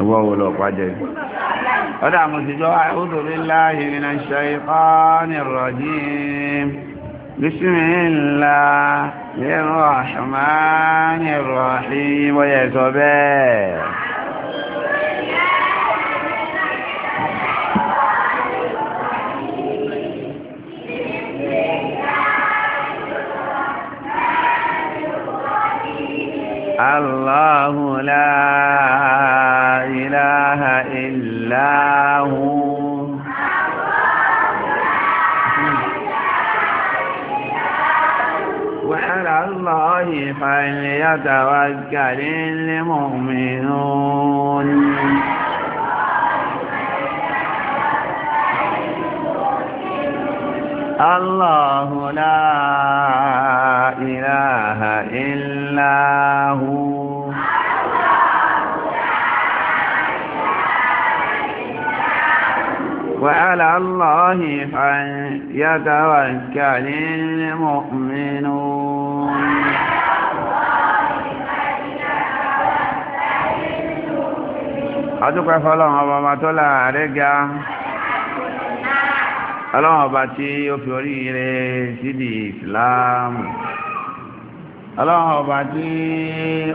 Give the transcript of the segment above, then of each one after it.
ìwọ́ wo lọ pàjẹ́ ọdá àmúsíjọ́ a'udhu billahi minash shaytanir rajim bismillahir rahmanir rahim wọ́yẹ̀ sọ bẹ́ẹ̀ الله لا إله إلا هو وعلى الله فليتوكل المؤمنون الله لا إله إلا إله وعلى الله فليتوكل المؤمنون adúpẹ́ fọ́lọ́run ọba ọba tó láàárẹ̀ ga ọlọ́run ọba tí ó fi oríire sídìí ìsìláàmù ọlọ́run ọba tí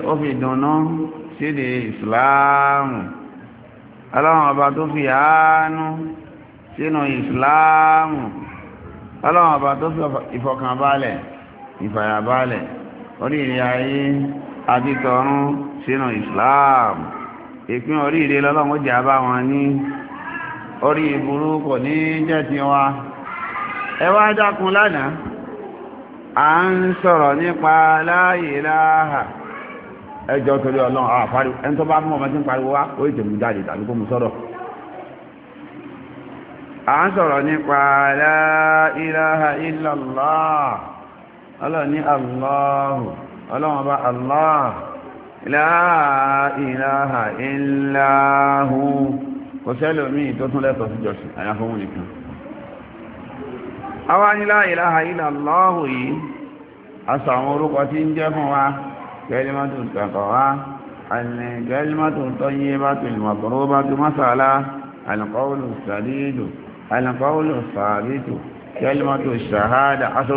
ó fi dùnnú síde ìsìláàmù ọlọ́run ọba tó fi àánú sínú ìsìláàmù ọlọ́run ọba tó fi ìfọkànbalẹ̀ ìfàyàbalẹ̀ oríire ayé àtitọ̀run sínú ìsìláàmù ìpín oríire lọ́lọ́run jẹ́ bá wọn ní orí ìburú kò ní jẹ́ tiwa ẹ wá dákun lánàá a ń sọ̀rọ̀ nípa la ẹjọ́ torí ọlọ́run àfárí ẹni tó bá fún ọmọ tí ń pariwo wá ó ìtẹ̀mú jáde tàbí kó mú sọ́rọ̀ a ń sọ̀rọ̀ nípa la ilaha illallah ọlọ́run ní bá Allah àwọn anílá ìlàhà ilà lọ́hù yìí aṣọ àwọn orúkọ tí ń jẹ́ fún wa kẹlímọ́tò tàkọ̀ wá àní kẹlímọ́tò tọ́yé bá tó ìmọ̀kọ̀rọ̀ bá tó mọ́sàlá alìkọ́wùlù sàdídù alìkọ́wùlù sàdídù kẹlímọ́tò ṣàhádà aṣọ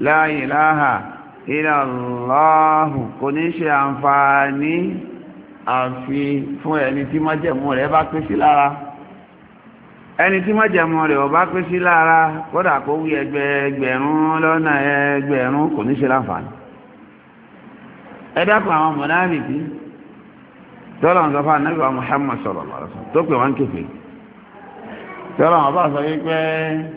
la ilaha illallah kò ní ṣe àǹfààní àfi fún ẹni tí májẹ̀mú rẹ̀ bá pín sí lára ẹni tí májẹ̀mú rẹ̀ ò bá pín sí lára kódà kó wí ẹgbẹ̀rún lọ́nà ẹgbẹ̀rún kò ní ṣe láǹfààní ẹ dákun àwọn tọ́lọ̀ ń Muhammad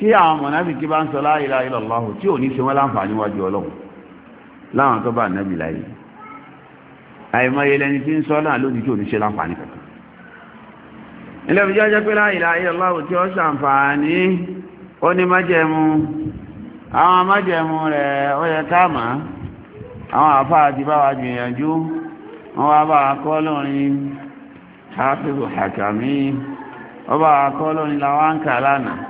tí àwọn mọ̀nábìkí bá ń sọ la ilaha illallah tí ò ní ṣe láǹfààní wájú ọlọ́run láwọn tó bá àìmọye lẹni tí ń sọ náà lójú tí ò ní ṣe láǹfààní kankan ilé ìjọ jẹ́ pé tí ó ṣàǹfààní ó ní májẹ̀mú àwọn májẹ̀mú rẹ̀ ó yẹ káàmà àwọn bá wa gbìyànjú wá bá lórin ọba lórin làwọn ń kà lánàá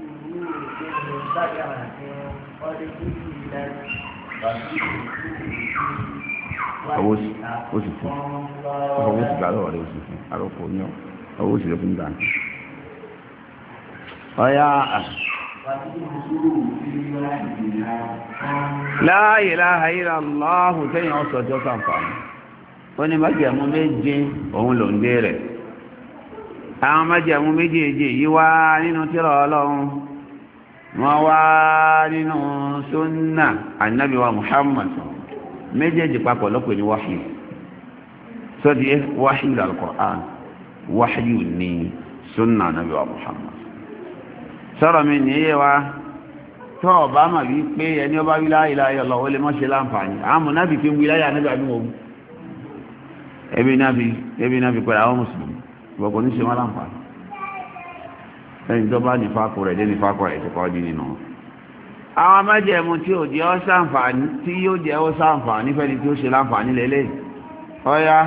owó sì fún ọrụ rẹ̀ oṣù fún àròkò ní owó sì lókun gbà. ọ̀yá la ilaha illallah tẹ́yìn ọ̀sọ̀ tí ó sàǹfààní ó ní májẹ̀mú méje òun ló ń dé rẹ̀ àwọn májẹ̀mú méjèèjì yìí nínú tírà ọlọ́run wọ́n wá nínú sunna ànábì wa muhammad méjèèjì papọ̀ lọ́pẹ̀ ní wáhí sọ́dí wáhí al-Qur'an wáhí ní sunna ànábì wa muhammad sọ́rọ̀ mi ní yé wa tọ́ ọba mà wí pé ẹni ọba wí láyé láyé ọlọ́ lè mọ́ láǹfààní àmọ́ náà fi ń wí láyé ànábì àbí wọn ebi náà fi ebi pẹ̀lú àwọn mùsùlùmí ìwọ̀kọ̀ ní ṣe láǹfààní ẹni tó bá nífàkù rẹ̀ dé nífàkù rẹ̀ ìṣẹ̀kọ́ dín nínú àwọn amájẹ̀mú tí ò jẹ́ ọ́ sàǹfààní tí yóò jẹ́ ọ́ sàǹfààní fẹ́ni tí ó ṣe láǹfààní lélẹ̀ ọ̀yá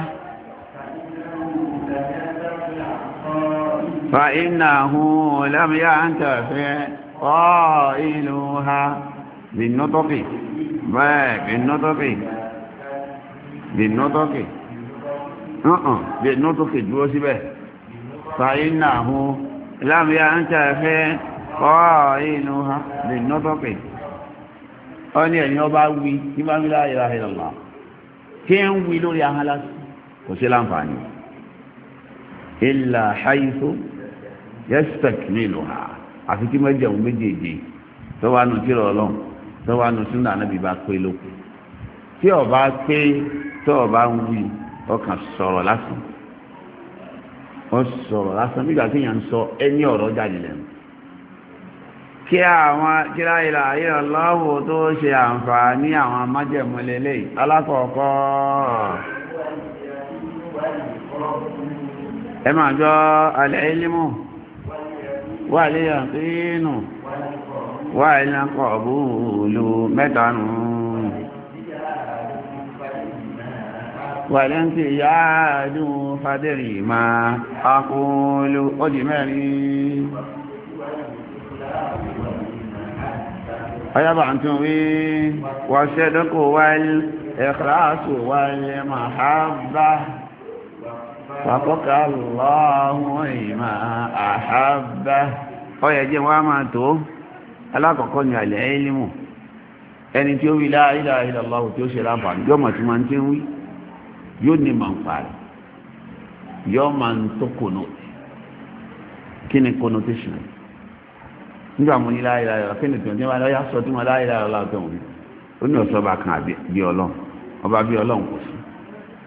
fa iná hun lámìyá ń tẹ̀fẹ́ ọ́ ìlú ha bìnnótọ́kì bẹ́ẹ̀ bìnnótọ́kì bìnnótọ́kì bìnnótọ́kì dúró síbẹ̀ fa iná hun láàbíyá ń tàfẹ́ ọ̀rọ̀ ịnụ ha lè nọ́tọ́pẹ̀ ọ ní ọba wí ní bá ń lá ìlà ìlàlá tí ń ha àfi kí mẹ́jẹ̀ òun méjèèjì tó wà nù tírọ̀ ọlọ́run tó wà nù sínú ànábì bá pé tí ọba pé tó ọba ń wí ọkàn wọ́n sọ̀rọ̀ lásán nígbà tí yàn ń sọ ẹni ọ̀rọ̀ jáde lẹ́nu kí àwọn kíra ìlà ayé ọlọ́wọ́ tó ṣe àǹfààní àwọn amájẹ̀mú lélẹ̀ alákọ̀ọ́kọ́ ẹ máa jọ alẹ́ ilímù wà lè yàtínù wà ìlànkọ̀ọ́bù lù mẹ́ta nù wàlẹ́ntì yáàdù fàdẹ̀rì máa akúlù ọdí mẹ́rin ayábà ń tún wí wà ṣẹ́dọ́kù wáyé ẹ̀kláàsù wáyé mahabba fàkọ́kà lọ́hùn ìmá àhábà ọyẹ̀ jẹ́ wọ́n máa tó alákọ̀ọ́kọ́ ẹni tí ó wí la ilaha tí ó ṣe lábàá ìjọ́mọ̀ tí máa ń tí ń wí yóò ní màá ń parí yóò máa ń tó kònó kí ni connotation nígbà mo ní láyé láyé ọ̀la kí ni tòun ní wàá lọ́yà sọ tí mo láyé láyé ọ̀la tó wù ó ní ọ̀sọ́ ọba kan bí ọlọ́run ọba bí ọlọ́run kò sí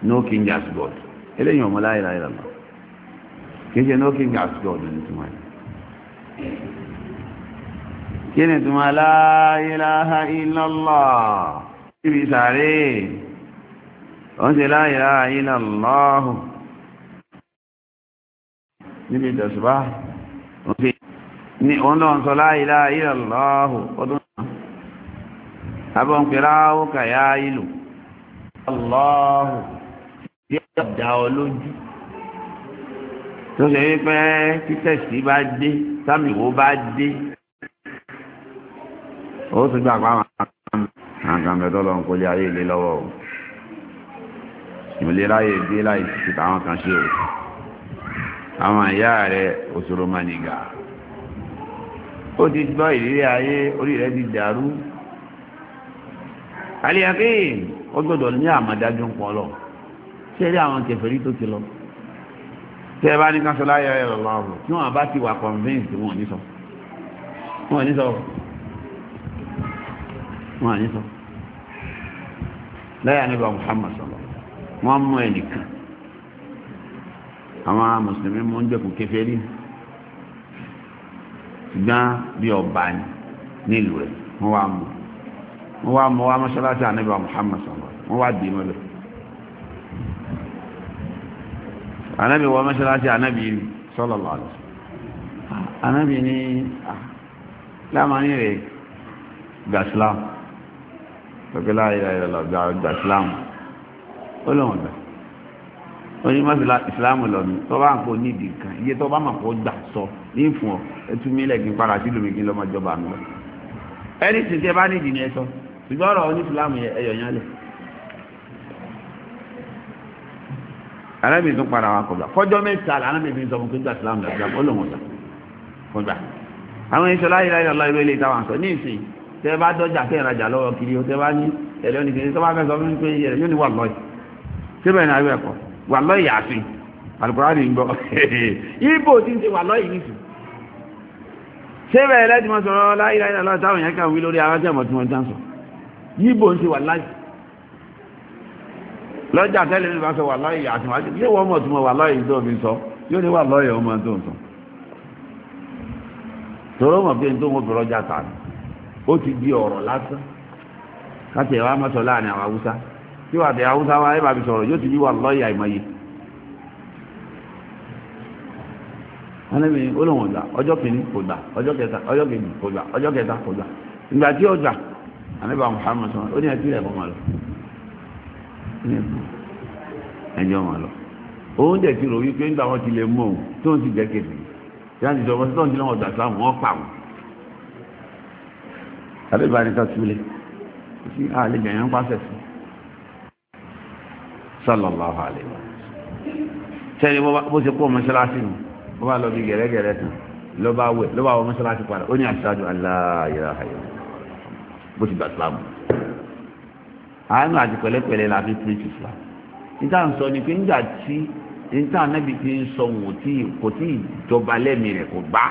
no king as god eléyìí ọmọ láyé láyé ọ̀la kì í ṣe no king as god ní tiwọn yìí kí ni tiwọn láyé láyé illallah ibi sàárè wọ́n ti la ilaha illallah níbi ìjọsùbá wọ́n lọ sọ la ilaha illallah ọdún abọ́nkẹ́lá ó kàyà ìlú Allahu tí ó dá ọ lójú tó ṣe wípé títẹ̀sí bá dé sámìwó bá dé ó ti gbà pa àwọn àgbàmẹ́tọ́ lọ́nkọ́lé ayé ilé lọ́wọ́ o ìmọ̀léráyè gbé láì fi tàwọn kan ṣe o àwọn ìyá rẹ̀ òṣòro maniga ó ti gbọ́ ìrírí ayé orí rẹ̀ ti dàrú aliyakin ó gbọ́dọ̀ ní àmọ̀dájú ń pọ̀ lọ ṣé rí àwọn kèfèrí tó ti lọ tẹ́ ẹ bá ní kánsọ́lá ayọ̀ ẹ̀rọ lọ́rùn tí wọ́n bá ti wà convinced wọn ò ní sọ wọn ò ní sọ wọn ò ní sọ lẹ́yìn anábìá Muhammad sọlọ wọ́n mú ẹnìkan àwọn mùsùlùmí mú oúnjẹ kò kèfèrí ṣùgbọ́n bí ọba nílùú rẹ̀ wọ́n wá mú wọ́n wá mú wá mọ́ṣáláṣí ànábì Muhammad sọ̀rọ̀ wọ́n wá dì í mọ́lẹ̀ ànábì wọ́n mọ́ṣáláṣí ànábì sọ̀rọ̀ lọ́dọ̀ ànábì ní lámàní rẹ̀ gbàsílámù pẹ̀pẹ́ láyé láyé lọ́gbà gbàsílámù ó lóun gbà ó ní mọ́sílá ìsìláàmù lọ́nu tó bá ń kó nídìí kan iye tó bá mà kó gbà sọ ní fún ọ ẹtú mílẹ̀ kí n para sí lómi kí n lọ́mọ ìjọba mi lọ ẹni tí tẹ bá nídìí ni ẹ sọ ṣùgbọ́n ọ̀rọ̀ ní ìsìláàmù ẹyọ̀ yẹn lẹ̀ arábìnrin tó padà wà kọjá fọjọ́ mẹ́ta arábìnrin sọ fún kí n gbà ìsìláàmù lọ́síláàmù ó gbà àwọn iṣẹ́ láyé láyé ọlá ìlú ilé ìtawà sọ ní ìsìn tẹ bá dọ́jà tẹ ìrajà lọ́wọ́ kiri ó tẹ bá ní ẹ̀rọ nìkan tó bá fẹ́ sọ fún mi pé ẹ̀rọ yóò ní wà lọ́yìí síbẹ̀ ní ayọ́ ẹ̀kọ́ wà lọ́ọ̀ yàáfin alukurani ń gbọ́ ibo ti ń ṣe wà lọ́ọ̀ yìí síbẹ̀ ẹlẹ́dìí mọ́ sọ̀rọ̀ láyé lọ́ọ̀ táwọn yẹn kàn wí lórí ara tẹ̀mọ̀ tí wọ́n ń sọ ibo ń ṣe wà láyé lọ́jà tẹ́lẹ̀ mi bá sọ wà lọ́ọ̀ yàáfin wájú yóò wọ́n mọ̀ tó mọ̀ wà lọ́ọ̀ yìí tó fi sọ yóò ní wà lọ́ọ̀ tí wàá tẹ haúsá wa ẹ bá sọ̀rọ̀ yóò ti bí wà lọ́ọ̀yà àìmọye. alẹ́mi olóhùn ọ̀gbà ọjọ́ kìíní kò gbà ọjọ́ kẹta ọjọ́ kìíní kò gbà ọjọ́ kẹta kò gbà ìgbà tí sọ̀rọ̀ ó ní ẹtí rẹ̀ lọ ẹjọ́ lọ òun dẹ̀ ti rò wípé nígbà wọn ti lè mú òun ti jẹ́ tí ti sọ sallallahu alayhi wa sẹ́ni bó ṣe kó mọ́ṣáláṣí nù bó bá lọ bí gẹ̀rẹ́gẹ̀rẹ́ tán ló bá wẹ̀ ló bá wọ mọ́ṣáláṣí padà ó ní àṣáájú aláàyèrè àyèrè bó ti gbà sílámù àánú àti pẹ̀lẹ́pẹ̀lẹ́ la fi preach islam níta ń sọ ni pé nígbà tí níta anábì ti ń sọ wọn tí kò tí ìjọba lẹ́mìí rẹ̀ kò gbá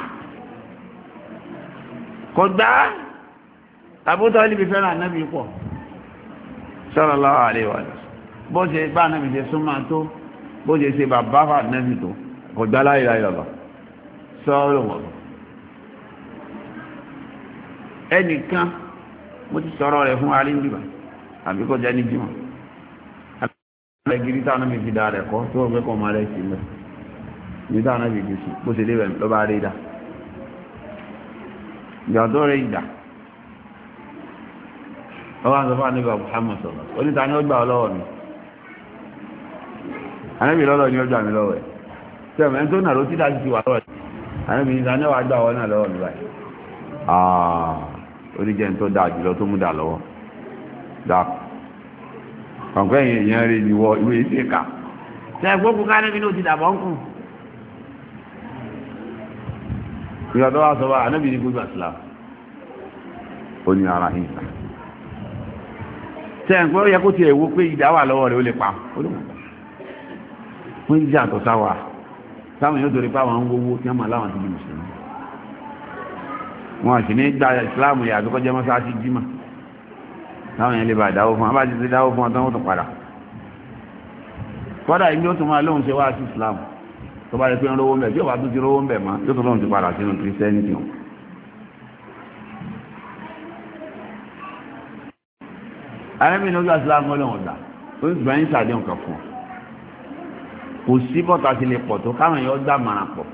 kò gbá àbótọ́ níbi fẹ́ràn anábì pọ̀ sallallahu alayhi wa sallam bó ṣe bá nẹ́bì ṣe súnmọ́ tó bó ṣe ṣe bàbá fà nẹ́bì tó kò gbá láìra ìrọ̀lọ́ sọ́ọ́rọ̀ wọ̀ ẹnìkan mo ti sọ̀rọ̀ rẹ̀ fún arí nígbà àbí kò jẹ́ ní jùmọ̀ àgbẹ̀gìrì táwọn mi fi da rẹ̀ kọ́ tó ọgbẹ́ kọ́ máa rẹ̀ sí mẹ́ ní táwọn mi fi sí bó ṣe lé rẹ̀ lọ́ba rí dà ìgbà rẹ̀ ìdà ọwọ́ àti ọba nígbà Muhammad sọ̀rọ̀ onítàní ó gbà ọ lọ́wọ́ mi àrẹ́bì lọ́lọ́ ni ó gbà mí lọ́wọ́ ẹ̀ tẹ́mẹ̀ tó nà ló tí dájú ti wà lọ́wọ́ àrẹ́bì ní sanẹ́wà gbà wọ́n náà lọ́wọ́ mi báyìí àà oníjẹ́ tó dáa jùlọ tó mú dà lọ́wọ́ dáa kọ̀ǹkọ́ ẹ̀yìn èèyàn rẹ̀ ni wọ ìwé ìṣe kà tẹ́ ẹ̀gbọ́n kú kárẹ́bì ló ti dàbọ̀ ń kù ìgbà tó wá sọ wá àrẹ́bì ní gbogbo àṣìlá ó ní ara yìí tẹ́ ẹ̀gbọ́n yẹ kó ti ẹ̀wọ́ pé ìdá lọ́wọ́ rẹ̀ ó lè pa ó lè mọ̀ wọ́n jí àtọ̀ sáwà táwọn yóò torí páwọn ń wówó tí wọ́n máa láwọn ti di mùsùlùmí wọn sì ní gba ìsìláàmù yà àbíkọ́ jẹ́ mọ́sáàsì jímà táwọn yẹn lè bá dáwó fún wọn bá ti ti dáwó fún wọn tán wọ́n tún padà kọ́dà ibi ó tún máa lóhun ṣe wá sí ìsìláàmù tó bá rẹ̀ pé ń rówó ń bẹ̀ bí ó tún ti rówó ń bẹ̀ mọ́ yóò tún lóhun ti padà sínú kìrìsìtẹ́nì tí wọn arẹ́mìnà ojú àsìláàmù ọlọ́run ọ̀dà ó sì gbẹ̀yìn sàdé nǹkan fún ọ kò sí bọ́tà sí lè pọ̀ tó káwọn èèyàn gbà mara pọ̀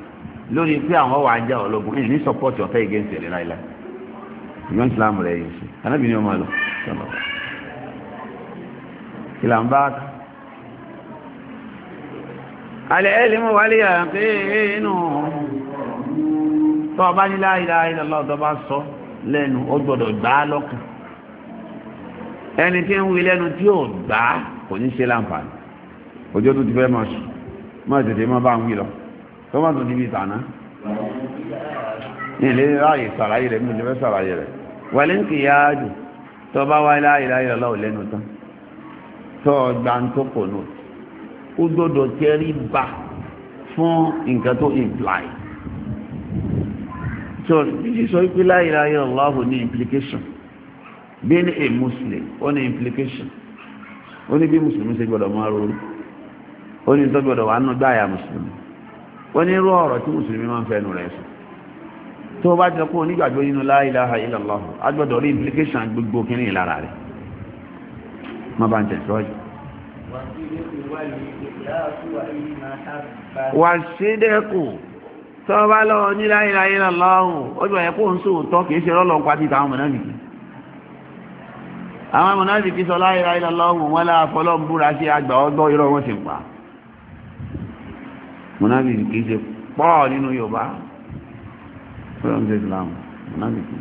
lórí pé àwọn wà á já ọlọ́gun ẹ̀ ní sọ́pọ́tì ọ̀fẹ́ ìgẹ́sẹ̀ rẹ̀ láìláì ìgbọ́n ìsìlámù rẹ̀ yìí sí anábìnrin ọmọ lọ sọ̀rọ̀ ìlànà bá alẹ́ ẹlẹ́mú wálé àpé inú tó ọba ní láìlá ìlọ́lá ọ̀dọ́ bá sọ lẹ́nu ó gbọ́dọ̀ gbà á lọ́kàn ẹni tí ń wí lẹ́nu tí ò gbà á kò ní ṣe láǹfààní ọjọ́ tó ti fẹ́ máa sùn má tètè má bá ń wí lọ tó má tún níbi tàná ilé ráàyè sàlàyé rẹ̀ mímú fẹ́ sàlàyé rẹ̀ wẹ̀lẹ́ ń kì í yáájú tó bá wáyé láàyè láàyè lọ́wọ́ lẹ́nu tán tó gba ń tó kò nù ó gbọ́dọ̀ tẹ́rí bá fún nǹkan tó imply so bíi sọ pé láàyè láàyè lọ́wọ́ ní implication being a muslim ó ní implication ó ní bí mùsùlùmí ṣe gbọ́dọ̀ máa ronú. Onye ní tọ́gbọ̀dọ̀ wa nù gbáyà mùsùlùmí ó ní irú ọ̀rọ̀ tí mùsùlùmí máa ń ọrụ rẹ̀ sùn tó o bá jẹ kó o nínú ilaha agbọ́dọ̀ rí implication gbogbo kínní ìlara rẹ̀ má bá ń wà ilaha kó o ń kì í ṣe rọ́lọ́ àwọn sọ ń búra sí àgbà ọgbọ́ wọn mùnábìkì kìí ṣe pọ̀ nínú yorùbá fúlọ́n ṣe islam mùnábìkì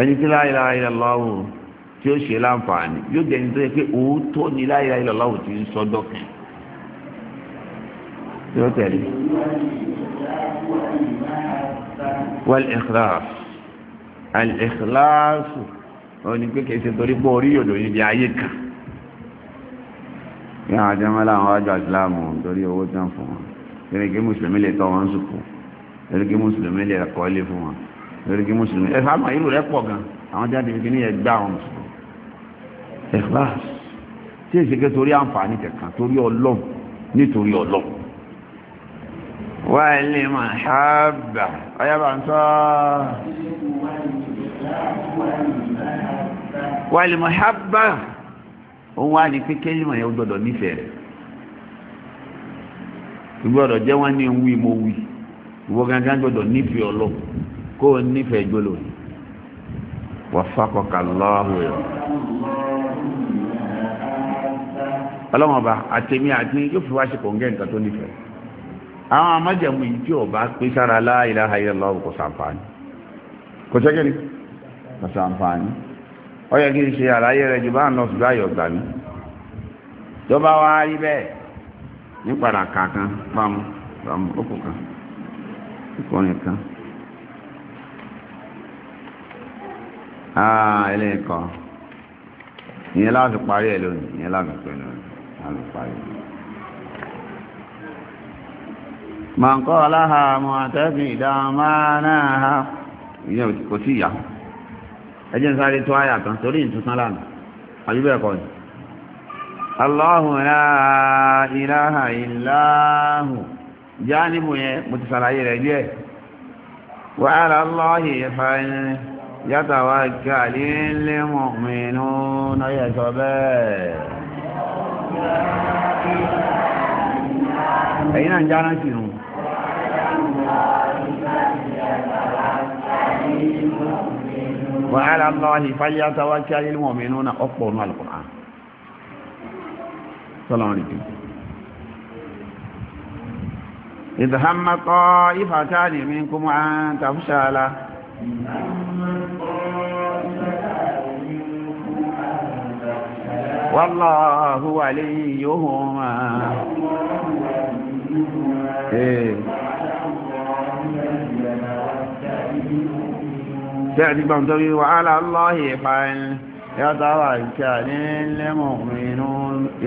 ẹni tí la ilaha illallah tí ó ṣe láǹfààní yóò jẹ́ ẹni tó yẹ pé òótọ́ ni la ilaha illallah ti ń sọ́dọ̀ kẹ́ yóò tẹ̀lé wal-ikhlas al-ikhlas òní pé ṣe torí pé orí yòdò níbi ayé kan ní àwọn ajẹ́mọ́lá àwọn ajọ́ ìsìláàmù torí owó tí wọ́n fún wọn torí kí mùsùlùmí lè tọ́ wọn sùkú torí kí mùsùlùmí lè kọ́ ilé fún wọn torí kí mùsùlùmí ẹ̀fà àmọ́ ìlú rẹ̀ pọ̀ gan àwọn jáde fi kíní yẹn gbá àwọn mùsùlùmí ẹ̀fà tí èsì ké torí àǹfààní kẹ̀kan torí ọlọ́run nítorí ọlọ́run. wà lè mà ṣáàbà ọyá ń sọ. wà lè mà ṣáàbà. òun wá ní pé kéyìmọ̀ yẹn ó gbọ́dọ̀ nífẹ̀ẹ́ rẹ̀ gbọ́dọ̀ jẹ wọ́n ní wí mo wí ìwọ kó o nífẹ̀ẹ́ gbọ́dọ̀ yìí wàfàkọ̀kà lọ́wọ́ yọ. ọlọ́wọ́n ọba àtẹ̀mí àti yóò fi wá ṣe kòǹgẹ́ nǹkan tó nífẹ̀ẹ́ àwọn amájẹ̀mú yìí tí ọba pé sára la kò sàǹfààní kò Ọ kí n ṣe àlàyé rẹ̀ jù bá ń lọ ṣùgbọ́n ayọ̀ gbà mí tó bá wá rí bẹ́ẹ̀ ní padà kàkan pamọ́ pamọ́ ó kan ìkọrin kan ah, ìyẹn láti parí ẹ̀ lónìí ìyẹn láti pẹ̀lú láti parí màǹkọ́ aláha mọ̀ àtẹ́bí ìdá máa ẹjẹ́ ń sáré tó àyà kan torí ìtúsán lánàá àbí bẹ́ẹ̀ kọ́ ni. Allahu la ilaha illa hu jáníbù yẹn mo ti sàlàyé rẹ̀ díẹ̀. Wa ala Allahi yatawakkalul mu'minun náà yẹ sọ bẹ́ẹ̀. Ẹ̀yin náà ń jáná sí nu. وعلى الله فليتوكل المؤمنون اقرؤوا القران السلام عليكم إذ هم طائفتان منكم أن تفشل والله وليهما إيه. tẹ́ẹ̀dì gbọmtọ́rí wà aláàlọ́hì ìparin yátàwà ìkà ní lẹ́mọ̀ inú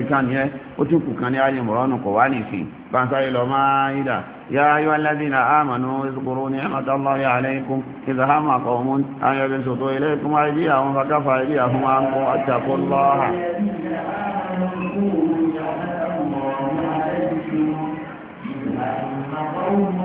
ìkànnìyẹ ó tún kù kan ní ayé mọ̀rọ́nù kò wá nìfì báńsáyé lọ máa ìdà يا أيها الذين آمنوا اذكروا نعمة الله عليكم إذا هم قوم أن يبسطوا إليكم أيديهم فكف أيديهم عنكم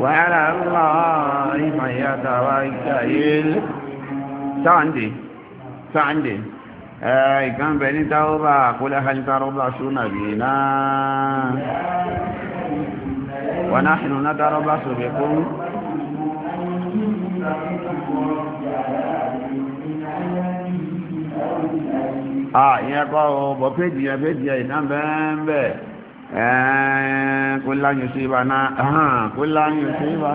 وعلى الله فليتوكل ساندي ساندي اي كان بني توبة قل هل تربصون بنا ونحن نتربص بكم اه يا قوم بفيديا فيديا yẹn péjì kó láyùn sí ibà náà hàn kó láyùn sí ibà.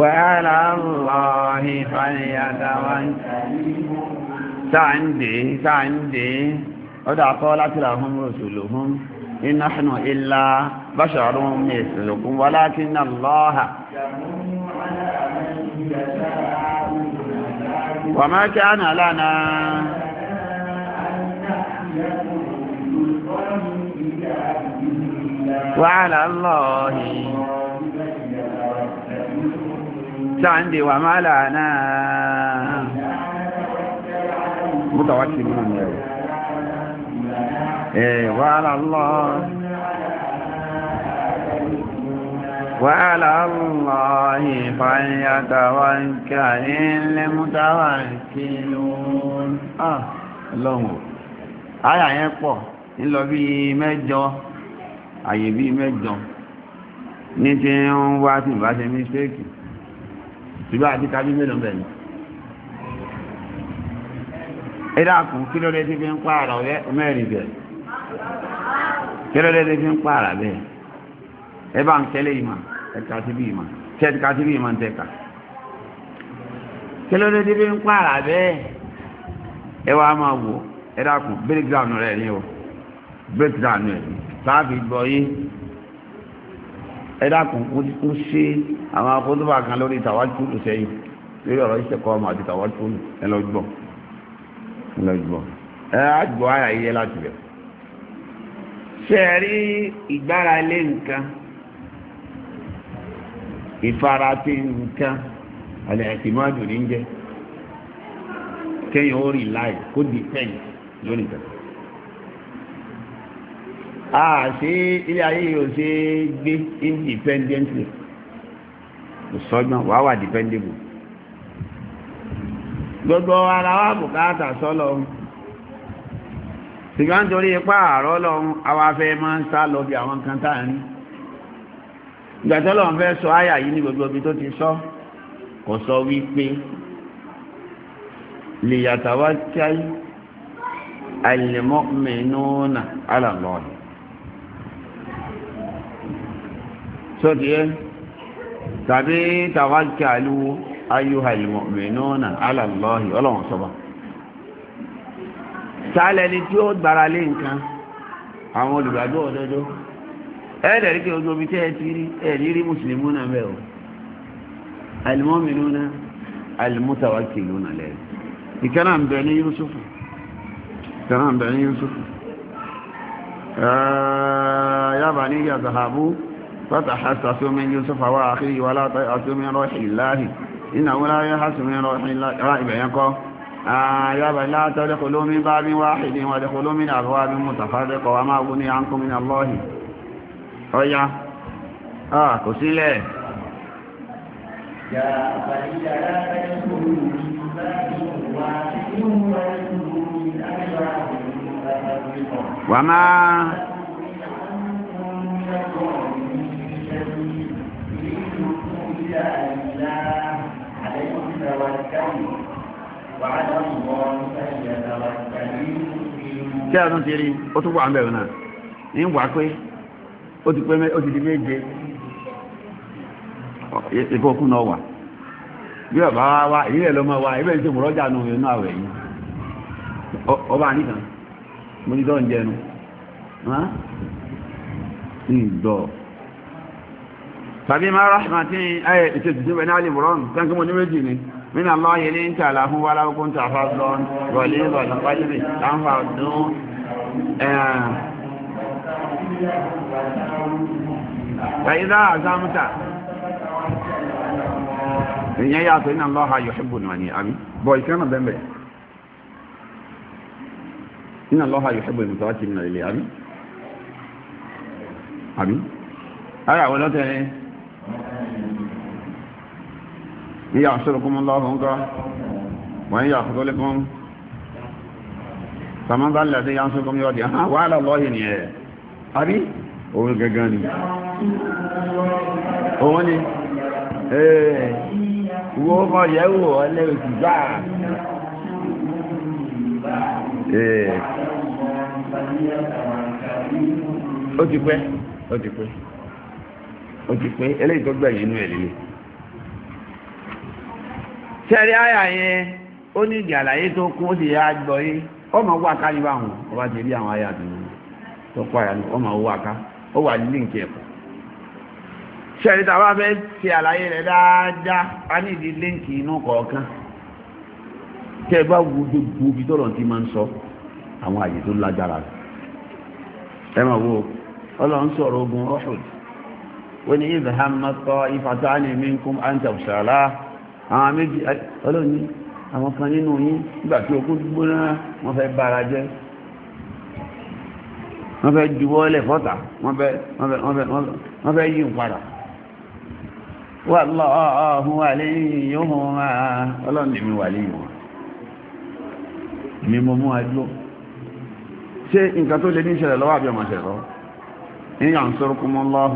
وعلى الله فليتوكل سعندي سعندي ودع طالت لهم رسلهم إن نحن إلا بشر مثلكم ولكن الله وما كان لنا وعلى الله تعندي وما لنا متوكل من الله وعلى الله وعلى الله فليتوكل المتوكلون اه اللهم آية يقوى إلا بي مجوى àyè bíi mẹ́jọ ní tí ń wá sí ìbá ṣe mísíkì ṣùgbọ́n àti kájú mélòó bẹ̀ ni. ẹ dákun kí ló dé tí fi ń pààrà mẹ́rin bẹ̀ kí ló dé tí fi ń pààrà bẹ́ẹ̀ ẹ bá ń kẹ́lé ìmọ̀ ẹ kà sí bí ìmọ̀ tẹ́ ẹ kà sí bí ìmọ̀ ń tẹ́ kà kí ló dé tí fi ń pààrà bẹ́ẹ̀ ẹ wá máa wò ẹ dákun breakdown rẹ̀ ni o breakdown rẹ̀ ni láàbì gbọ́yé ẹ̀dàkùn ó ṣe àwọn afọ́dúbà kan lórí tàwájúlù sẹ́yìn lórí ọ̀rọ̀ ìṣẹ̀kọ́ ọmọ àti tàwájúlù ẹlọ́gbọ̀ ẹlọ́gbọ̀ ẹ àgbọ̀ àyà yẹ láti bẹ̀. ṣe rí ìgbára ilé nǹkan ìfarati nǹkan àlẹ́ ẹ̀tìmọ́dù ní jẹ́ ó rí láì kó dìpẹ́ǹd lónìí kankan àṣé ah, ilé ayé yóò ṣe gbé independently kò sọ́gbọ́n wà wà dependable gbogbo ara wa bùkátà sọ́lọ ṣùgbọ́n nítorí ipá àárọ̀ lọ́run àwa fẹ́ máa ń sá lọ bí àwọn kan tá à ń rí ìgbà tó lọ́run fẹ́ sọ àyà yìí ní gbogbo ibi tó ti sọ kò sọ wípé lè yàtàwá tí àyè àìlèmọ́ mẹ́nu náà alàlọ́ọ̀lù sọ́dí ẹ́ tàbí tàwákàlú ayyuhal mu'minuna ala Allahi ọlọ́run sọba sálẹ̀ ni tí ó gbára lé nǹkan àwọn olùgbàgbọ́ òdodo ẹ̀ẹ́dẹ̀ rí kí ojú omi tẹ́ ẹ ti rí ẹ̀ẹ́dì rí mùsùlùmí náà bẹ́ẹ̀ o al-mu'minuna al-mutawakkiluna lẹ́yìn ìkẹ́nà ń bẹ ní ya zahabu فتحسسوا من يوسف وأخيه ولا تيأسوا من روح الله إنه لا ييأس من روح الله رائب يقول يا بني لا تدخلوا من باب واحد ودخلوا من أبواب متفرقة وما أغني عنكم من الله ọ̀yá ah kò sílẹ̀ wà máa kí a tún ti rí ó tún wà ń bẹ̀rẹ̀ náà ní wà pé ó ti pé ó ti di méje ìkọ̀ọ̀kú náà wà bí ọ̀bá wá wá ọba nìkan mo ní tọ́ tàbí máa ráhmàtí ayẹ ìtẹ̀sìtìwẹ̀ náà lè mọ̀rán tánkí mo ní méjì ni من الله لنت له ولو كنت فضلا غليظ القلب لانفضوا فإذا عزمت ìyẹn yàtọ̀ iná lọ́ha yọ̀ṣẹ́bù náà ni àmì ara àwọn lọ́tẹ̀ẹ́ يعصركم الله عنك وإن يأخذ لكم فمن ظل الذي يعصركم يودي أها وعلى الله نية أبي هو الجاني هو ني إيه هو ما يهو ولا يتجع إيه ó ti pẹ́ ó ti pẹ́ ó ti pẹ́ eléyìí tó gbẹ̀yìn inú ẹ̀ lílé sẹ́rí àyà yẹn ó ní ìdí àlàyé tó kún ó sì yá gbọ́ yé ọmọ wà ká níbà wọn ọba ti rí àwọn àyà tó kọ́ àyà ọmọ wà ká ó wà ní líǹkì ẹ̀kọ́ sẹ́rí tàbá fẹ́ ṣe àlàyé rẹ̀ dáadáa a ní ìdí líǹkì inú kọ̀ọ̀kan tẹ́ ẹ bá wo gbogbo ibi ti máa ń sọ àwọn àyè tó lágbára ẹ máa wo ọlọ́run sọ̀rọ̀ ogun wọ́n ní ìzàhámà tọ́ ìfàtà àwọn méjì ọlọ́ni àwọn kan nínú yín nígbà okú gbóná wọ́n fẹ́ bára jẹ́ wọ́n fẹ́ juwọ́lẹ̀ fọ́ta wọ́n fẹ́ yí padà wallahu waliyuhuma ọlọ́ni mi wà léyìn wọn mi mọ́ mú adúlọ́ ṣé nǹkan tó lè ní ìṣẹ̀lẹ̀ lọ́wọ́ àbí ọmọ ìṣẹ̀lẹ̀ lọ́wọ́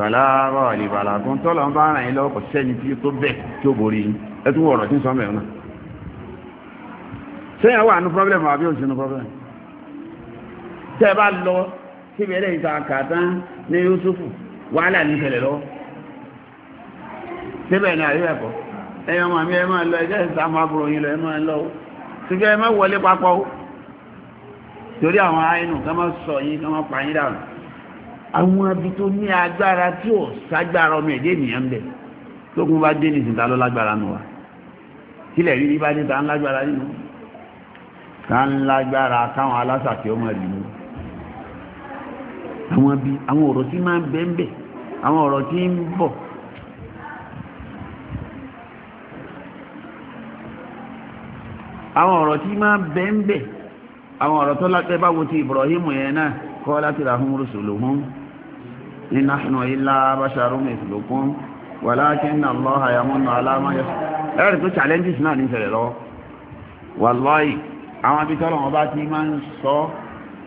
sàlámọ̀ àlìbàlà tó ń tọ́lọ̀ ń bá ara yín lọ́wọ́ kò sẹ́ni tí tó bẹ̀ tí ó borí yín ẹ tún wọ ọ̀rọ̀ tí ń sọ mẹ́rin náà sẹ́yìn wà ní pọ́blẹ́mù àbí òṣìṣẹ́ ní pọ́blẹ́mù tẹ́ ẹ bá lọ síbi ẹlẹ́yìn tá a kà tán ní Yusufu wàhálà ní ìṣẹ̀lẹ̀ lọ́wọ́ síbẹ̀ ní àríwá ẹ̀kọ́ ẹ̀yọ́ máa mi ẹ máa lọ ẹjẹ́ ìta máa bùrọ̀ yín lọ ẹ máa lọ síbẹ̀ ẹ máa wọlé papọ̀ torí àwọn àìnù ká máa sọ yín ká máa pa yín dànù àwọn abi tó ní agbára tí ò ságbára ọmọ ẹ̀dẹ́ ènìyàn bẹ̀ tókun bá dé ní ìsìnta ló lágbára nù wa sílẹ̀ rírí bá dé ta ń lágbára nínú ta ń lágbára káwọn alásàkí ọmọ rì mú àwọn abi àwọn ọ̀rọ̀ tí máa ń bẹ́ ń bẹ̀ àwọn ọ̀rọ̀ tí ń bọ̀ àwọn ọ̀rọ̀ tí máa ń bẹ́ ń bẹ̀ àwọn ọ̀rọ̀ tó lápẹ́ báwo ti Ibrahim yẹn náà kọ́ láti ra hùn rúṣùlù hùn إن نحن إلا بشر مثلكم ولكن الله يمن على ما يشاء ẹ̀rì tó challenges náà ní ìṣẹ̀lẹ̀ lọ wàláì àwọn abí tọ́lọ̀ wọn bá ti máa ń sọ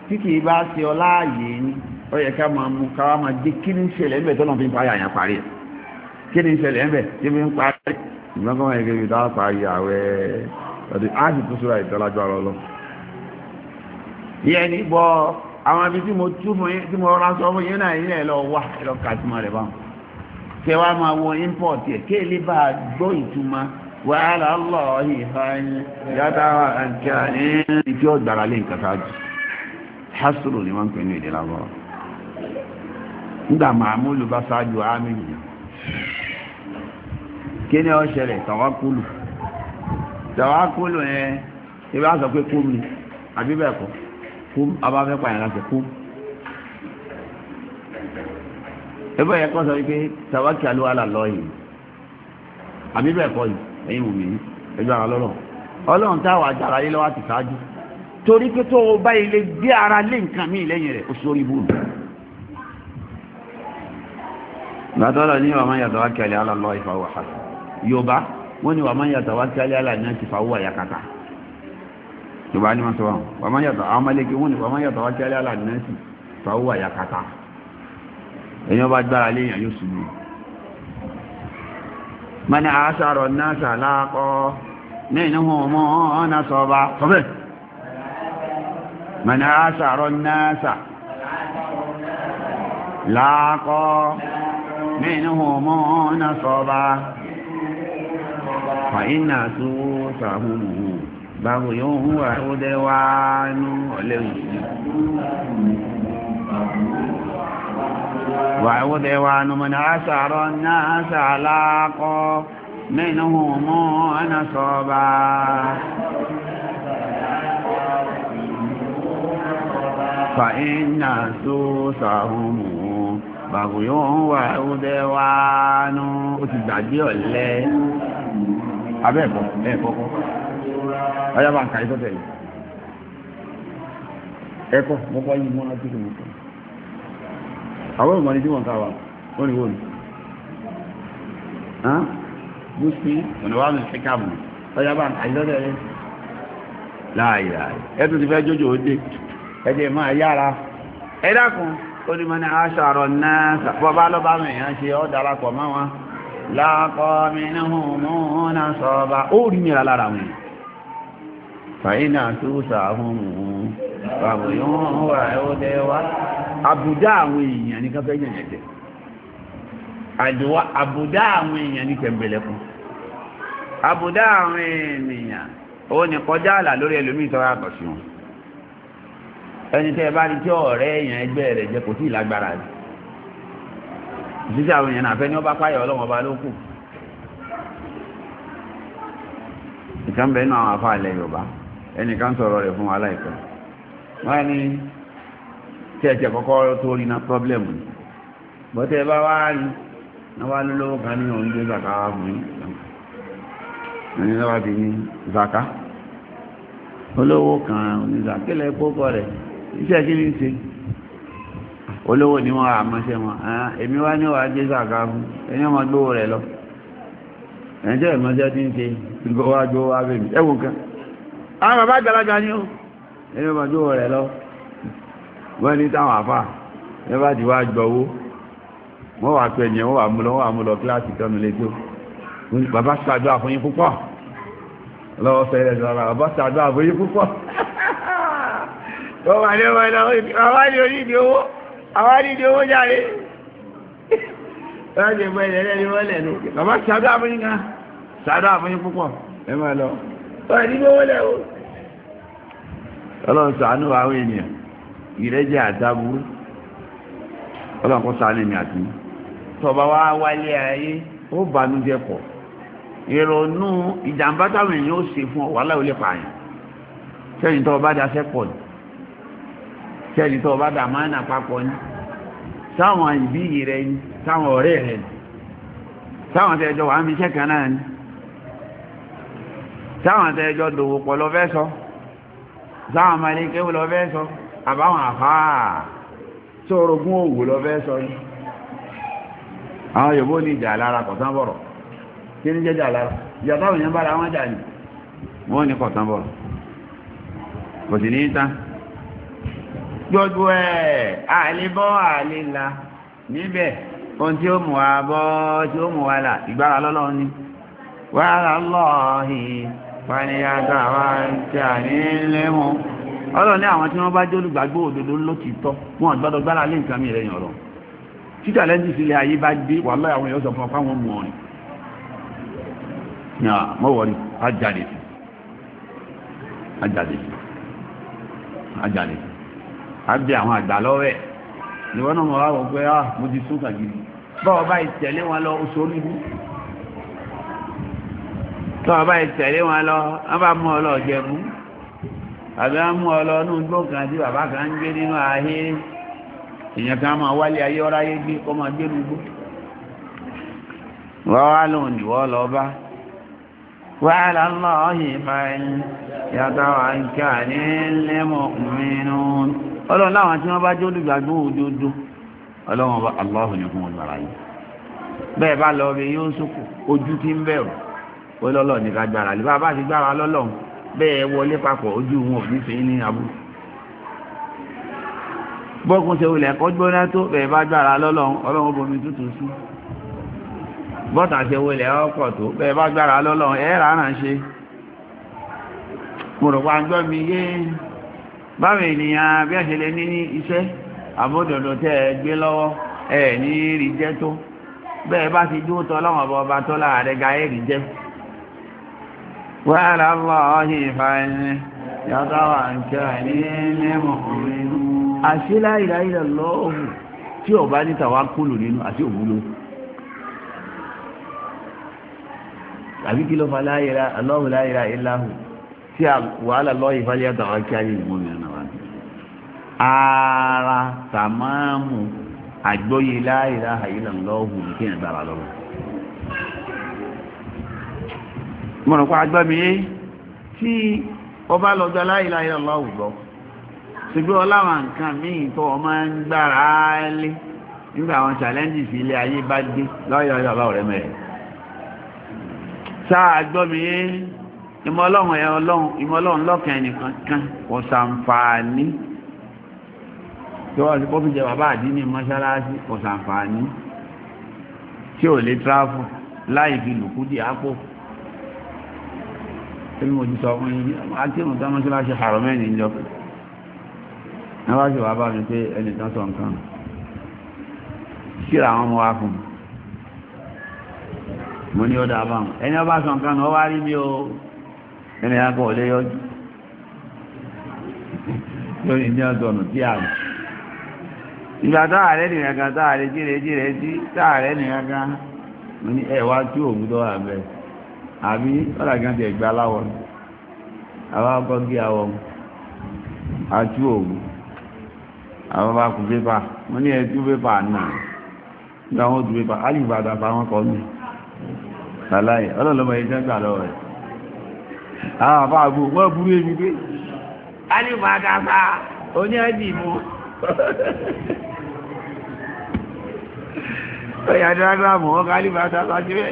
tí kìí bá ṣe ọlá ààyè ní ó yẹ ká máa mú ká máa dé kí ní ìṣẹ̀lẹ̀ ẹ̀bẹ̀ tọ́lọ̀ fi ń parí àyàn parí kí ní parí ìgbọ́n kọ́ ẹ̀gẹ́ ibi táwọn parí àwẹ̀ ọdún á sì àwọn ibi tí mo tú fún yín tí mo rán sọ fún yín náà ilẹ̀ lọ wà lọ tí mo rẹ̀ báwọn kẹ wá máa wọ import yẹ kí èlé bá gbọ́ ìtumọ̀ wàhálà ọlọ́ọ̀hìn ìfàyín yàtà àǹkà ní ìfi ọ̀gbàrà lè nǹkan sáájú hasro ni wọ́n ń pè ní nígbà bá àmì kí ni ṣẹlẹ̀ yẹn sọ pé kú mi kú abáfẹ́ pààyàn láti kú. ẹgbẹ́ yẹn kọ́ sọ wípé tàwákì alúwa là lọ yìí àbí bẹ́ẹ̀ kọ́ yìí ẹ̀yin wùmí ẹjọ́ ara lọ́rọ̀ ọlọ́run táwọn ajára yé lọ́wọ́ àti ṣáájú torí pé tó o bá ilé gbé ara lé nǹkan míì lẹ́yìn rẹ̀ o sórí bùrù. gbàtọ́lọ̀ ní wàá máa yàtọ̀ wákì alẹ́ àlọ́ ìfàwọ̀ àṣà yorùbá wọ́n ní wàá máa yàtọ̀ wákì alẹ́ àlọ́ ìfàwọ̀ àyàkàtà yorùbá ni wọ́n sọ wọn wọ́n máa yàtọ̀ àwọn ọmọlẹ́kẹ́ wọn ni wọ́n máa yàtọ̀ wọ́n kẹ́lẹ́ alàdínẹ́sì fàwọ́ àyàkátà èèyàn bá gbára léèyàn yóò ṣubú mani àṣàrọ̀ náà ṣàlákọ́ nínú ọmọ ọ̀nà sọba sọ́bẹ̀ mani àṣàrọ̀ náà ṣà lákọ́ nínú ọmọ ọ̀nà sọba fa iná tó sàmúhùn báwo yóò hu àròdẹ wá nú ọlẹ́wù sí. وعوذ وعن من أسر الناس علاقا منهم نصبا فإن سوسهم بغي وعدوان ó ti gbàgbé ọ̀lẹ abẹ́ ayaba nǹkan yìí tó tẹ̀lé ẹ̀kọ́ mo bá yí mọ́ láti ṣòwò kan àwọn ìmọ̀ ni tí wọ́n ká wa ó ní wọ́n bó sí ọ̀nà wa ní ṣẹ́kàbù ayaba nǹkan yìí tó tẹ̀lé láàyè láàyè ẹ tún ti fẹ́ jójó ó dé ẹ jẹ́ máa yára ẹ dákun ó ní mọ́ ní aṣàrọ̀ náà bọ́bá lọ́bá mẹ́yàn ṣe ọ́ darapọ̀ mọ́ wọn láàkọ́ mi mọ́ náà sọ́ọ́bà fàyínà tó sàáhùn òun àwọn èèyàn wà ó dẹ́ wá àbùdá àwọn èèyàn ní káfẹ́ yẹn yẹn tẹ̀ àbùdá àwọn èèyàn ní tẹ̀m̀bẹ̀lẹ̀kùn àbùdá àwọn ènìyàn ó ní kọjá àlà lórí ẹlòmíì tọ́ra àtọ̀ sí wọn ẹni tẹ́ ẹ bá ní tí ọ̀rẹ́ èèyàn ẹgbẹ́ rẹ̀ jẹ kò tí ì lágbára rẹ̀ ìdíjà àwọn èèyàn àfẹ́ ní ọba páyọ̀ ọlọ́wọ́n ọba ló kù ìkànnì bẹ́ẹ̀ náà àwọn afọ àlẹ́ ẹnìkan sọ̀rọ̀ rẹ̀ fún wa láìpẹ́ wọ́n ní tí ẹ̀jẹ̀ kọ́kọ́ tó rí na pọ́blẹ́mù ni bọ́tẹ́ bá wá ní wọ́n wá lólówó kan ní òun gbé zaka wá fún yín ẹni lọ́wọ́ ti ní zaka olówó kan ní zakílẹ̀ kókọ́ rẹ̀ iṣẹ́ kí ni ṣe olówó ni wọ́n àmọ́ṣẹ́ wọn èmi wá ní wàá gbé zaka fún ẹni ọmọ gbówó rẹ̀ lọ ẹ̀jẹ̀ ìmọ̀jẹ́ ti ń ṣe gbówó wá gbówó wá kan àwọn bàbá àgbàlagbà ni ó ẹni ọmọ jó rẹ̀ lọ wọ́n ní táwọn àfà ní bá ti wá gbọ́wó wọ́n wà pẹ̀ yẹn wọ́n wà mú lọ wọ́n wà mú lọ kíláàsì tọ́nu létó bàbá ṣàdúrà fún yín púpọ̀ lọ́wọ́ fẹ́rẹ̀ sọ́ra bàbá ṣàdúrà fún yín púpọ̀ wọ́n wà ní ọmọ ìlọ àwárí orí ìdí owó àwárí ìdí owó járe láti ẹgbẹ́ ilẹ̀ ẹlẹ́ni wọ́n lẹ̀ ní bàbá ṣàdúrà fún yín ká ṣàdúrà fún yín púpọ̀ ẹ máa lọ wọ́n ìdí owó lẹ̀ o ọlọ́run ṣàánú àwọn ènìyàn ìrẹ́jẹ́ àdáburú ọlọ́run kó ṣàánú èmi àti tọba wa wálé ayé ó banújẹ́ pọ̀ ìrònú ìjàmbá táwọn èèyàn ó ṣe fún ọ wàhálà ò lè pààyàn sẹ́yìn tó bá daṣẹ́ pọ̀ ni sẹ́yìn tó bá dà máa ń àpapọ̀ ni sáwọn ìbí rẹ ni sáwọn ọ̀rẹ́ rẹ ni sáwọn tẹ́jọ wà ń fi ṣẹ́kàn sáwọn tẹ́jọ dòwò lọ fẹ́ sọ. sáwọn ọmọ ilé kéwù lọ bẹ́ẹ̀ sọ àbáwọn àfáà tó orogún òwò lọ bẹ́ẹ̀ sọ ní àwọn yòbó ní ìjà lára kọ̀tán kí ní jẹ́jà lára ìjà táwọn èèyàn bára jà ní wọ́n ní kò sì ní tán gbogbo ẹ̀ àlebọ́ àlela níbẹ̀ ohun tí ó mú wa bọ́ tí ó mú wa là ìgbára ọlọ́run ní àwọn tí wọ́n bá jẹ́ olùgbàgbọ́ òdodo lótìtọ́ wọn àgbàdo gbára lé nǹkan mi rẹ̀ yàn ọ̀rọ̀ títà lẹ́jì sílé ayé bá dé wà láyé àwọn èèyàn sọ fún ọpá wọn mú ọ̀rìn ní àmọ́wọ̀rí ajáde sí ajáde sí ajáde sí abẹ́ àwọn àgbà lọ́wẹ́ ni wọ́n náà mọ̀ wá wọ́n pé ah mo ti sún kàgìrì bọ́ọ̀ bá ìtẹ̀lé wọn lọ oṣù tó ọba ìtẹ̀lé wọn lọ wọ́n mú ọlọ́ jẹ̀bú àbí wọ́n mú ọlọ́ ní ojú kan tí bàbá kan ń gbé nínú ahé èèyàn kan máa wálé ayé ọ̀rá gbé kọ́ máa gbé nugbó wọ́n wá lóun jù lọ bá ọlọ́run láwọn tí wọ́n bá jó lùgbàgbó òjòjò ọlọ́run aláhùn ní ó lọ́lọ́ ní ká gbára lé bàbá ti gbára lọ́lọ́ bẹ́ẹ̀ wọlé papọ̀ ojú wọn ò ní fi ní aburú bọ́kùn ṣe olè ẹ̀kọ́ gbóná tó bẹ̀ẹ̀ bá gbára lọ́lọ́run ọlọ́run bomi tútù sí bọ́tà ṣe olè ọkọ̀ tó bẹ̀ẹ̀ bá gbára lọ́lọ́run ẹ̀ rárá ṣe mo rò pa gbọ́ mi yé báwọn ènìyàn bí ẹ̀ṣẹ̀ lè ní iṣẹ́ àbódòdó tẹ́ ẹ gbé lọ́wọ́ ẹ̀ ní rí jẹ́ tó bẹ́ẹ̀ bá ti dúró tọ́ lọ́wọ́ ọba tó láàrẹ ga ẹ̀ rí jẹ́ tó وعلى الله فليتوكل المؤمنون àṣí la ilaha illallah tí ó bá ní tàwákùlù nínú àti òwúlò àbí kí ló fa la ilaha illahu tí wàhálà lọ́yìn fálẹ́ àtàwọn akíáyé ìmọ̀mìnà wà ní ara tàmáàmù àgbóyè la ilaha illallahu ní kí ẹ̀ dára lọ́wọ́ mọ̀nàkọ́ agbámiyé tí ọba lọ́jọ́ aláìláì aláwùgbọ́ ṣùgbọ́n ọláwà nǹkan míì tó ọmọ ń gbára lé nígbà àwọn challenges ilé ayé bá dé lọ́yọ̀ aláwọ̀ rẹ̀ mẹ́rẹ̀ sáà agbámiyé ìmọ̀ ọlọ́run ẹ̀ ọlọ́run ìmọ̀ ọlọ́run lọ́kàn ẹnìkan kan kò sàǹfààní tí wọ́n ti kó fi jẹ bàbá àdínní mọ́ṣáláṣí kò sàǹfààní tí ò lè tráfù láì fi lùkúdì àpò tí mo jí sọ fún yín àti ìrùn tán mọ́ṣílá ṣe àrọ̀ mẹ́rin ìjọ wọ́n bá ṣe wà bá mi pé ẹnìkan sọ nǹkan síra àwọn ọmọ wa fún mi mo ní ọdọ àbáwọn ẹni ọba sọ nǹkan náà wá rí mi o ẹni akọ ọlẹ yọjú lórí ní ọdọọnù tí a lò ìgbà táàrẹ nìyànkan táàrẹ jírejírẹ tí táàrẹ nìyànkan mo ní ẹwà tí òun tó wà bẹ́ẹ̀ àbí ọ̀là gan ti ẹ̀gbẹ́ aláwọ̀ ni àwọn abọ́gí awọ atú òwú àwọn bá kú pépà wọ́n ní ẹtú pépà náà nígbà wọn tú pépà á lè bàtà bá wọn kọ́ ní sàlàyé ọlọ́lọ́mọ yìí sẹ́gbà lọ rẹ̀ àwọn àbá àbò wọ́n burú èmi pé á lè bàtà bá oní ẹ̀dì mú ọ̀yà dáadáa mọ̀ ọ́ ká lè bàtà bá síbẹ̀.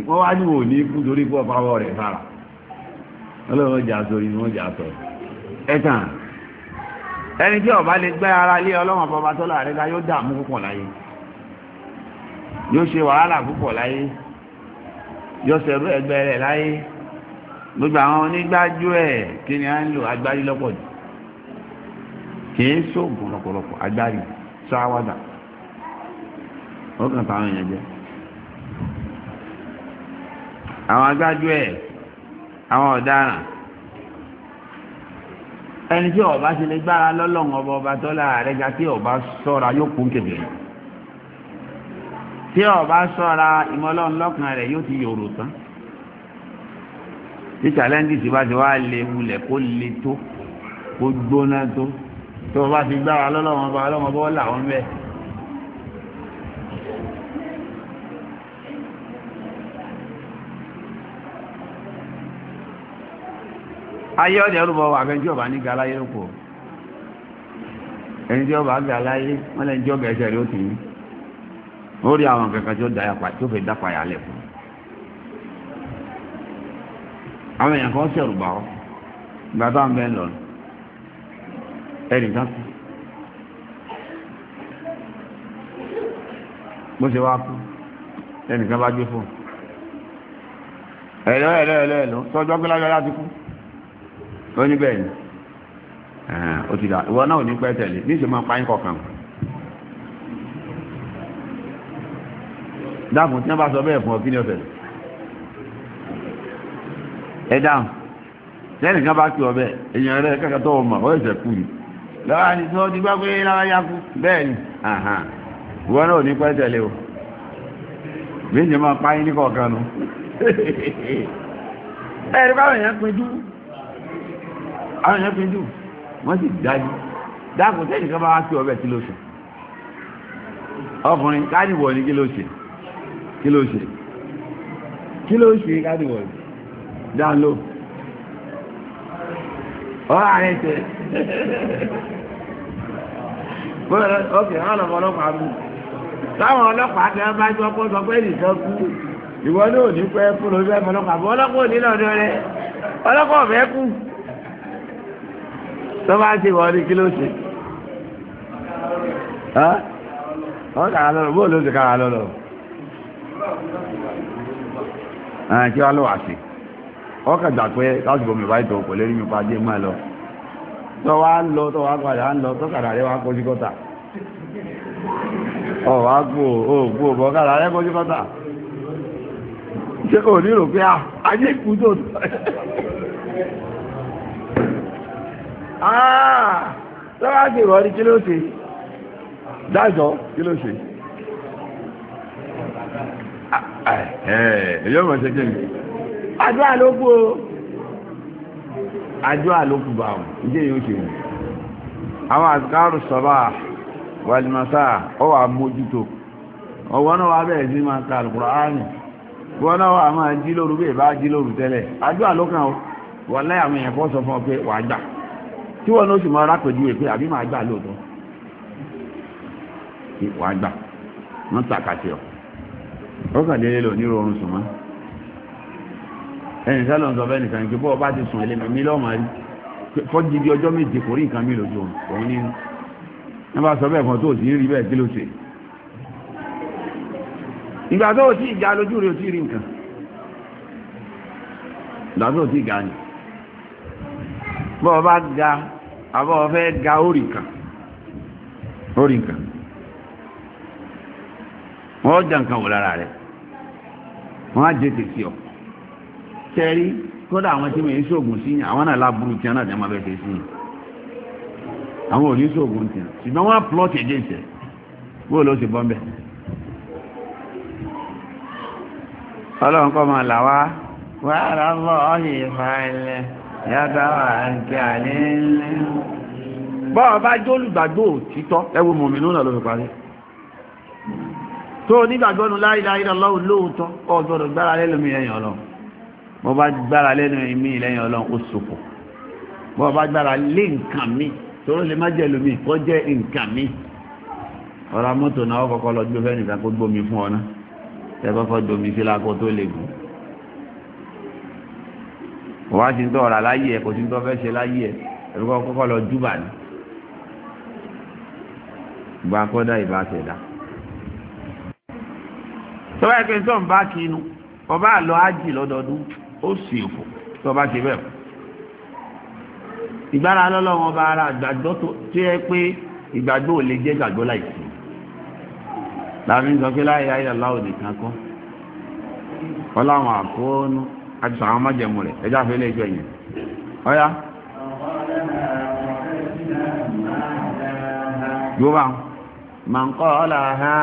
ìpọ́ wá ní òní kú torí pọ́ pàwọ́ rẹ̀ fara ọlọ́run jà sórí ni wọ́n jà sọ ẹ̀tàn ẹni tí ọba lè gbẹ́ ara lé ọlọ́run bọba tó láàrẹ́ la yóò dààmú púpọ̀ láyé yóò ṣe wàhálà púpọ̀ láyé yóò ṣẹ̀rú ẹgbẹ́ rẹ̀ láyé gbogbo àwọn onígbájú ẹ̀ kí ni a ń lò agbárí lọ́pọ̀ jù kì í ṣoògùn lọ́pọ̀lọpọ̀ agbárí sáwádà ó kàn táwọn èèyàn jẹ́ àwọn agbájú ẹ̀ àwọn ọ̀daràn ẹni tí ọba ṣe lè gbára lọ́lọ́run ọba ọba tọ́lá rẹ̀ ga tí ọba sọ́ra yóò kún kébè tí ọba sọ́ra ìmọ̀lọ́run lọ́kàn rẹ̀ yóò ti yòrò tán tí challenge ti bá ti wá lè wulẹ̀ kó le tó kó gbóná tó tí ọba ti gbára lọ́lọ́run ọba ọlọ́run ọba ọ̀là wọn bẹ́ẹ̀. ayé ọ̀dẹ̀ ọlọ́bọ̀ wà bẹ́ẹ̀ jọba ní galáyé lóko ẹni jọba galáyé wọ́n lẹ́ni jọba ẹsẹ̀ rẹ̀ ó ti yín ó rí àwọn kankan tó dáyà pa tó fẹ́ dápa yà lẹ̀ fún àwọn èèyàn kan sẹ̀rù bà ọ ìgbà ń bẹ́ẹ̀ lọ ẹnì kan kú bó ṣe wá kú ẹnì kan bá gbé fún ẹ̀lọ́ ẹ̀lọ́ ẹ̀lọ́ ẹ̀lọ́ tọ́jú ọgbẹ́lájọ́ láti kú. lóní bẹ́ẹ̀ ni ó ti dà ìwọ náà ní pẹ́ tẹ̀lé ní ìṣe máa ń kọ̀ọ̀kan dáàbò tí wọ́n bá sọ bẹ́ẹ̀ fún ọ kí ni ẹ dáhùn lẹ́yìn kan bá kí ọ bẹ́ẹ̀ èèyàn rẹ kẹ́kẹ́ tó mọ̀ ó ẹ̀sẹ̀ kú ni lọ́wọ́ àti ti pé lára yá kú bẹ́ẹ̀ ni ìwọ náà ní pẹ́ tẹ̀lé o bí ìṣe máa pààyàn ní kọ̀ọ̀kan nu ẹ̀rí báwọn èèyàn àwọn èèyàn fi dùn wọ́n sì dájú dákùn tẹ́yìn kan bá wá sí ọbẹ̀ kí ló ṣe ọkùnrin káàdìwọ̀ ní kí ló ṣe kí ló ṣe kí ló ṣe káàdìwọ̀ dáńlò ọ̀rọ̀ ààrẹ tẹ bọ́ọ̀lọ́ ọkẹ̀ wọ́n lọ́pọ̀ ọlọ́pàá mú táwọn ọlọ́pàá tẹ bá jọ pọ́ sọ pé nìkan kú ìwọ náà ní pẹ́ fún lórí ẹ̀fọ́ ọlọ́pàá bọ́ ọlọ́pàá ò ní lọ́dọ̀ rẹ ọlọ́pàá ọ̀fẹ́ kú. tó ti wọ́n ní kí ló ṣe ọ́ kàrà lọ́rọ̀ bóò ló ti kàrà lọ́rọ̀ kí wá lọ́wọ́ àti ọkà gbà pé ìtọ̀ kò lérí mi mọ́ ẹ lọ tó ń lọ tó padà ń lọ tó rẹ wá kọjú kọ́tà ọ̀ gbò ó gbò bọ́ kàrà rẹ kọjú ṣé kò ní rò pé ah, ajé kú tó àà lọ́wọ́ sí kí ló ṣe dájọ́ kí ló ṣe ẹ̀yọ́ ah, eh, mọ̀ ṣe kéèmì àdúrà ló o àdúrà ló bá wọn ìdí èyí ṣe rí àwọn àtikárù sọ́bà wàlìmọ́sá ọ mójútó ọwọ́ náà wà bẹ̀rẹ̀ sí máa ka Al-Kùránì wọ́n náà wà máa jí lóru bí ìbá jí lóru tẹ́lẹ̀ àdúrà ló kàn wọ́n tí wọ́n ló sì mọ́ arápẹ̀jú rẹ̀ pé àbí máa gbà lóòótọ́ wàá gbà wọ́n tàkàtì ọ̀ ọkàndínlẹ́ lò ní rọrùn sùn mọ́ ẹnì sálọ̀ ń sọ fẹ́ nìkan pé bọ́ọ̀ bá ti sùn ẹlẹ́mẹ̀ mi lọ́mọ rí fọ́jì bí ọjọ́ méje kò rí nǹkan mi lòjò òun ní wọ́n bá sọ bẹ́ẹ̀ fún tó sì rí bẹ́ẹ̀ kí ló ṣe ìgbà tó ti ìjà lójú rẹ̀ ti rí nǹkan ìgbà tó ti ìjà ni bọ́ọ̀ bá ga àbọ̀ ọ̀fẹ́ ga orí nǹkan orí nǹkan wọ́n jà nǹkan wò lára rẹ̀ wọ́n á si tètè ọ̀ tẹ́rí kódà àwọn tí wọ́n ń ṣoògùn sí yàn àwọn náà láburú tí wọ́n náà jẹ́ máa bẹ́ẹ̀ tẹ̀ sí yàn àwọn ò ní ṣoògùn tí wọ́n ṣùgbọ́n wọ́n á plot against ẹ̀ bó ló ṣe bọ́m̀bẹ̀. ọlọ́run kọ́ máa là wá wàhálà ń bọ̀ ọ́ yìí yàtàwà àti àlélẹ́ bọ́ọ̀ bá jó olùgbàgbò títọ́ ẹwọ mọ̀mìnú náà ló fi parí tó onígbàgbọ́nu láìláìlá lọ́wọ́ lóòótọ́ ọ̀gbọ́dọ̀ gbára lẹ́lùmí lẹ́yìn ọlọ́run bọ́ bá gbára lẹ́lùmí lẹ́yìn ọlọ́run ó sòfò bọ́ bá gbára lé nǹkan mi tóró lè má jẹ́ lómi kọ́ jẹ́ nǹkan mi ọ̀rọ̀ mọ́tò náà kọ́kọ́ lọ gbé fẹ́ nìkan kó gbómi fún ọ náà tẹ́ kọ́kọ́ domi sí lákọ́ tó lè wọ́n á ti ń tọ́ ọ̀rà láyé ẹ̀ kò ti ń tọ́ fẹ́ ṣe láyé ẹ̀ ẹ̀rọ kọ́kọ́ lọ júbà ní. ìgbà kọ́dá ìbá tẹ̀dá. tọ́wọ́ ẹgbẹ́ tó ń bá kinu ọba àlọ́ ájì lọ́dọọdún ó sì fò tó ọba ti bẹ̀ fò. ìgbára lọ́lọ́wọ́n ọba ara àgbàgbọ́ tó yẹ pé ìgbàgbọ́ ò lè jẹ́ gbàgbọ́ láìsí. làwọn ń sọ pé láyé ayé aláwọ̀ nìkan kọ́ ọláwọn àkóónú àti sàwọn májẹ̀mú rẹ̀ ẹjá fẹ́ lé ìjọ yẹn ọ̀yá yóò man qalaha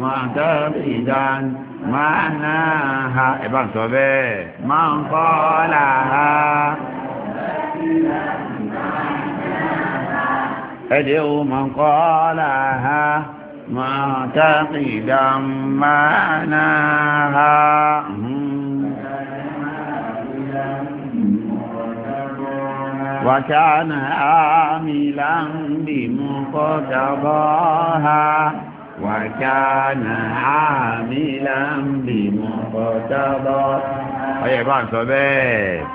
mu'taqidan ma'naha ẹ̀bá ń sọ bẹ́ẹ̀ man qalaha ẹ̀dẹ̀wò man qalaha mu'taqidan ma'naha. وكان عاملا بمقتضاها وكان عاملا بمقتضاها أي بان صبيب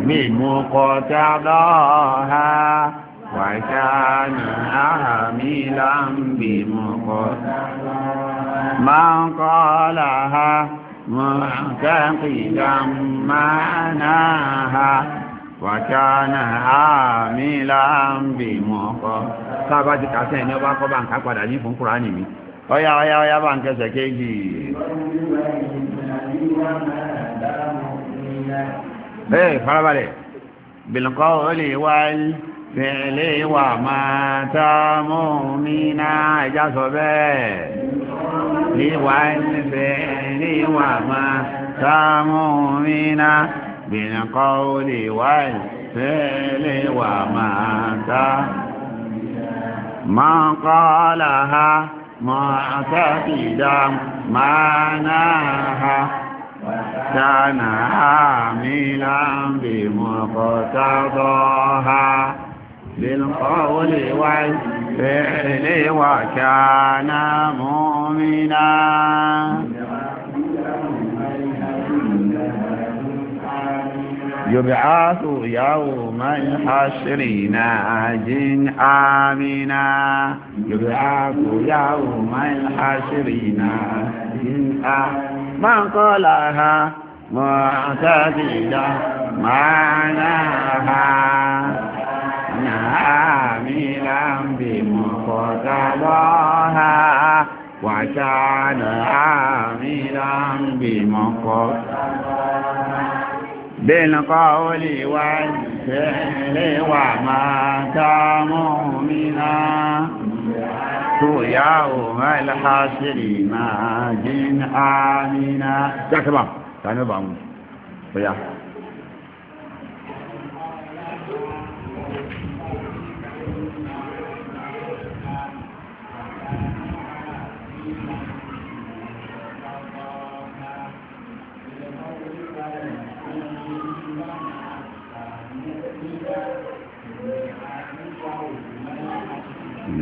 بمقتضاها وكان عاملا بمقتضاها من قالها معتقدا معناها وكان عاملا بمقر sábà ti kà sẹ́yìn ní ọba kọ́ bá ń ká padà ní fún kúránì mi ọyá ọyá ọyá bá fẹ̀lẹ́ wà máa tààmù mínà ẹjá sọ bẹ́ẹ̀ níwà fẹ̀lẹ́ wà máa tààmù mínà gbìnàkọ́ olè wà fẹ̀lẹ́ wà máa tààmù ما قالها معتقدا معناها كان عاملا بمقتضاها بالقول والفعل وكان مؤمنا يبعث يوم الحشر ناج آمنا يبعث يوم الحشر ناج آمنا من قالها معتدلا معناها عاملا بمقتضاها وكان عاملا بمقتضاها بالقول والفعل وما كانوا منا يوم الحشر ما جن آمنا. يا كبار تعالوا بقى.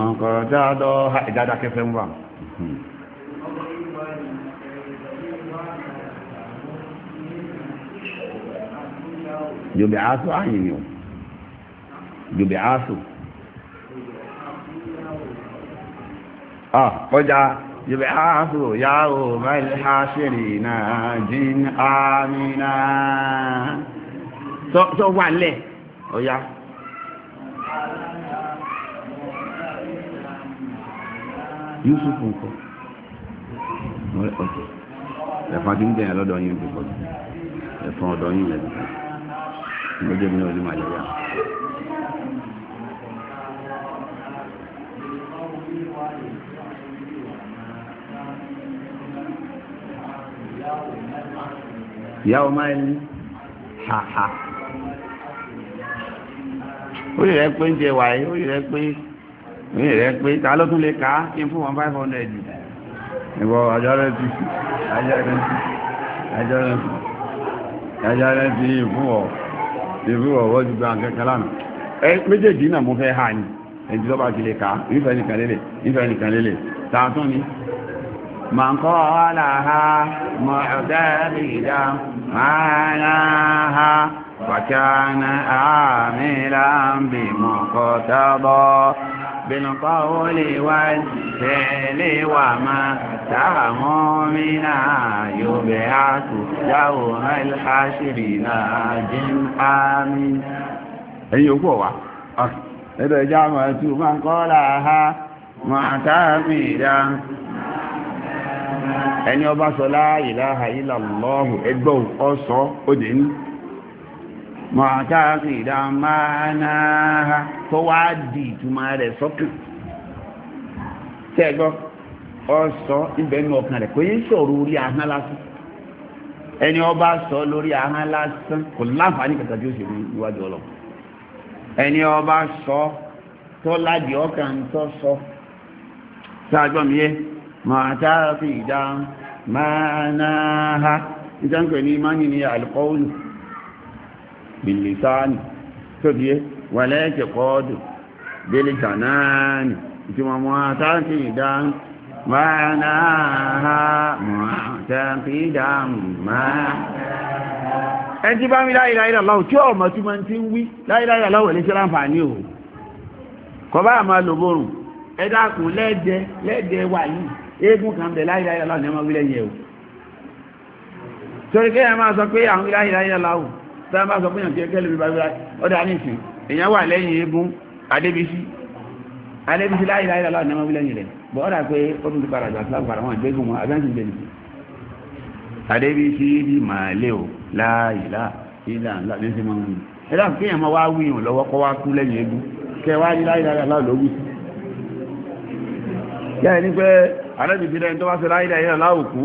man qadada ha idada ke fe mwa yubi'asu ayin yo yubi'asu ah ọjà yubi'asu ya o mal jin amina so so wale oh, yeah. Yusuf nǹkan ọ̀tọ̀ ẹ̀fọn kí ń jẹyàn lọ́dọ̀ yín ti pọ̀ ẹ̀fọn ọ̀dọ̀ yín lẹ́nu lójú mi ò ní màlẹ́yà. ìyáwó máa ń ha ha ó yẹ pé ń jẹ wàyí ó ní rẹ̀ pé ta ló tún lè ká kí n fún wọn 500 ìwọ àjọ́rẹ́tì àjọ́rẹ́tì ìfúnwọ̀ ìfúnwọ̀ wọ́n ti gba kẹ́kẹ́ lánà méjèèjì náà fẹ́ ha ní ẹjú tó ti lè ká ìfẹ́ nìkan lélẹ̀ ìfẹ́ nìkan lélẹ̀ tààtún ni ma ń بالقول والفعل وما تهم منا يبعث يوم الحشر ناجم آمين ẹ̀yin òkú ọ̀wà ẹ̀dọ̀ ìjà àmà tí ó máa ń kọ́ láàá máa tààmì ìdá ẹni ọba sọ la ilaha ẹgbọ́ ọ̀sọ́ òdè ní mọ̀tàkì ìdámánáà tó wá di ìtumọ̀ rẹ̀ sọ́kàn tẹ́gbọ́ ọ̀sọ́ ìbẹ̀nu ọkàn rẹ̀ kò yí sọ̀rọ̀ orí ahọ́n lásán ẹni ọba sọ lórí ahọ́n lásán kò láǹfààní kàkà tí ó ṣe níwájú ọlọ ẹni ọba sọ tó ládìí ọkàn tó sọ sáájọ́ mi yé mọ̀tàkì ìdámánáà ìjọ́ ń pè ní mánìí ní bìlìtánì tó di yé wàlẹ́ẹ̀kẹ̀ kọ́ọ̀dù bẹ́lẹ̀ jànáàni ìtumọ̀ mọ́tàkì ìdáhùn mánáà mọ́tàkì ìdáhùn máa ẹni tí bá mi la ilaha illallah tí ọmọ tí ma ti ń wí la ilaha illallah lè ṣe láǹfààní o kọ bá àmà lòbórùn ẹ̀dàkùn lẹ́ẹ̀dẹ lẹ́ẹ̀dẹ wà yìí eégún kan bẹ̀ la ilaha illallah ní ọmọ wílẹ̀ yẹ o torí kí ẹ máa sọ pé àwọn la ilaha tá a máa sọ fún yàn kí ẹgbẹ́ lómi bàbá ọ̀dà nísìn èèyàn wà lẹ́yìn eégún adébísí adébísí láyé láyé lọ́wọ́ ní ọmọbí lẹ́yìn rẹ̀ bọ́ ọ̀dà pé ó tún ti padà jù àti lágbára wọn ìgbégùn wọn abẹ́ǹsì ń jẹni adébísí bí màálé o láyé lá ìlà ńlá ní sí mọ́mọ́ ẹ dáhùn kí èèyàn máa wá wí ìhùn lọ́wọ́ kọ́ wá kú lẹ́yìn eégún kẹ wá ní láyé láyé láwọ̀ lówí yáà ní pé adébísí lẹ́yìn tó bá ṣe láyé láyé láwọ̀ kú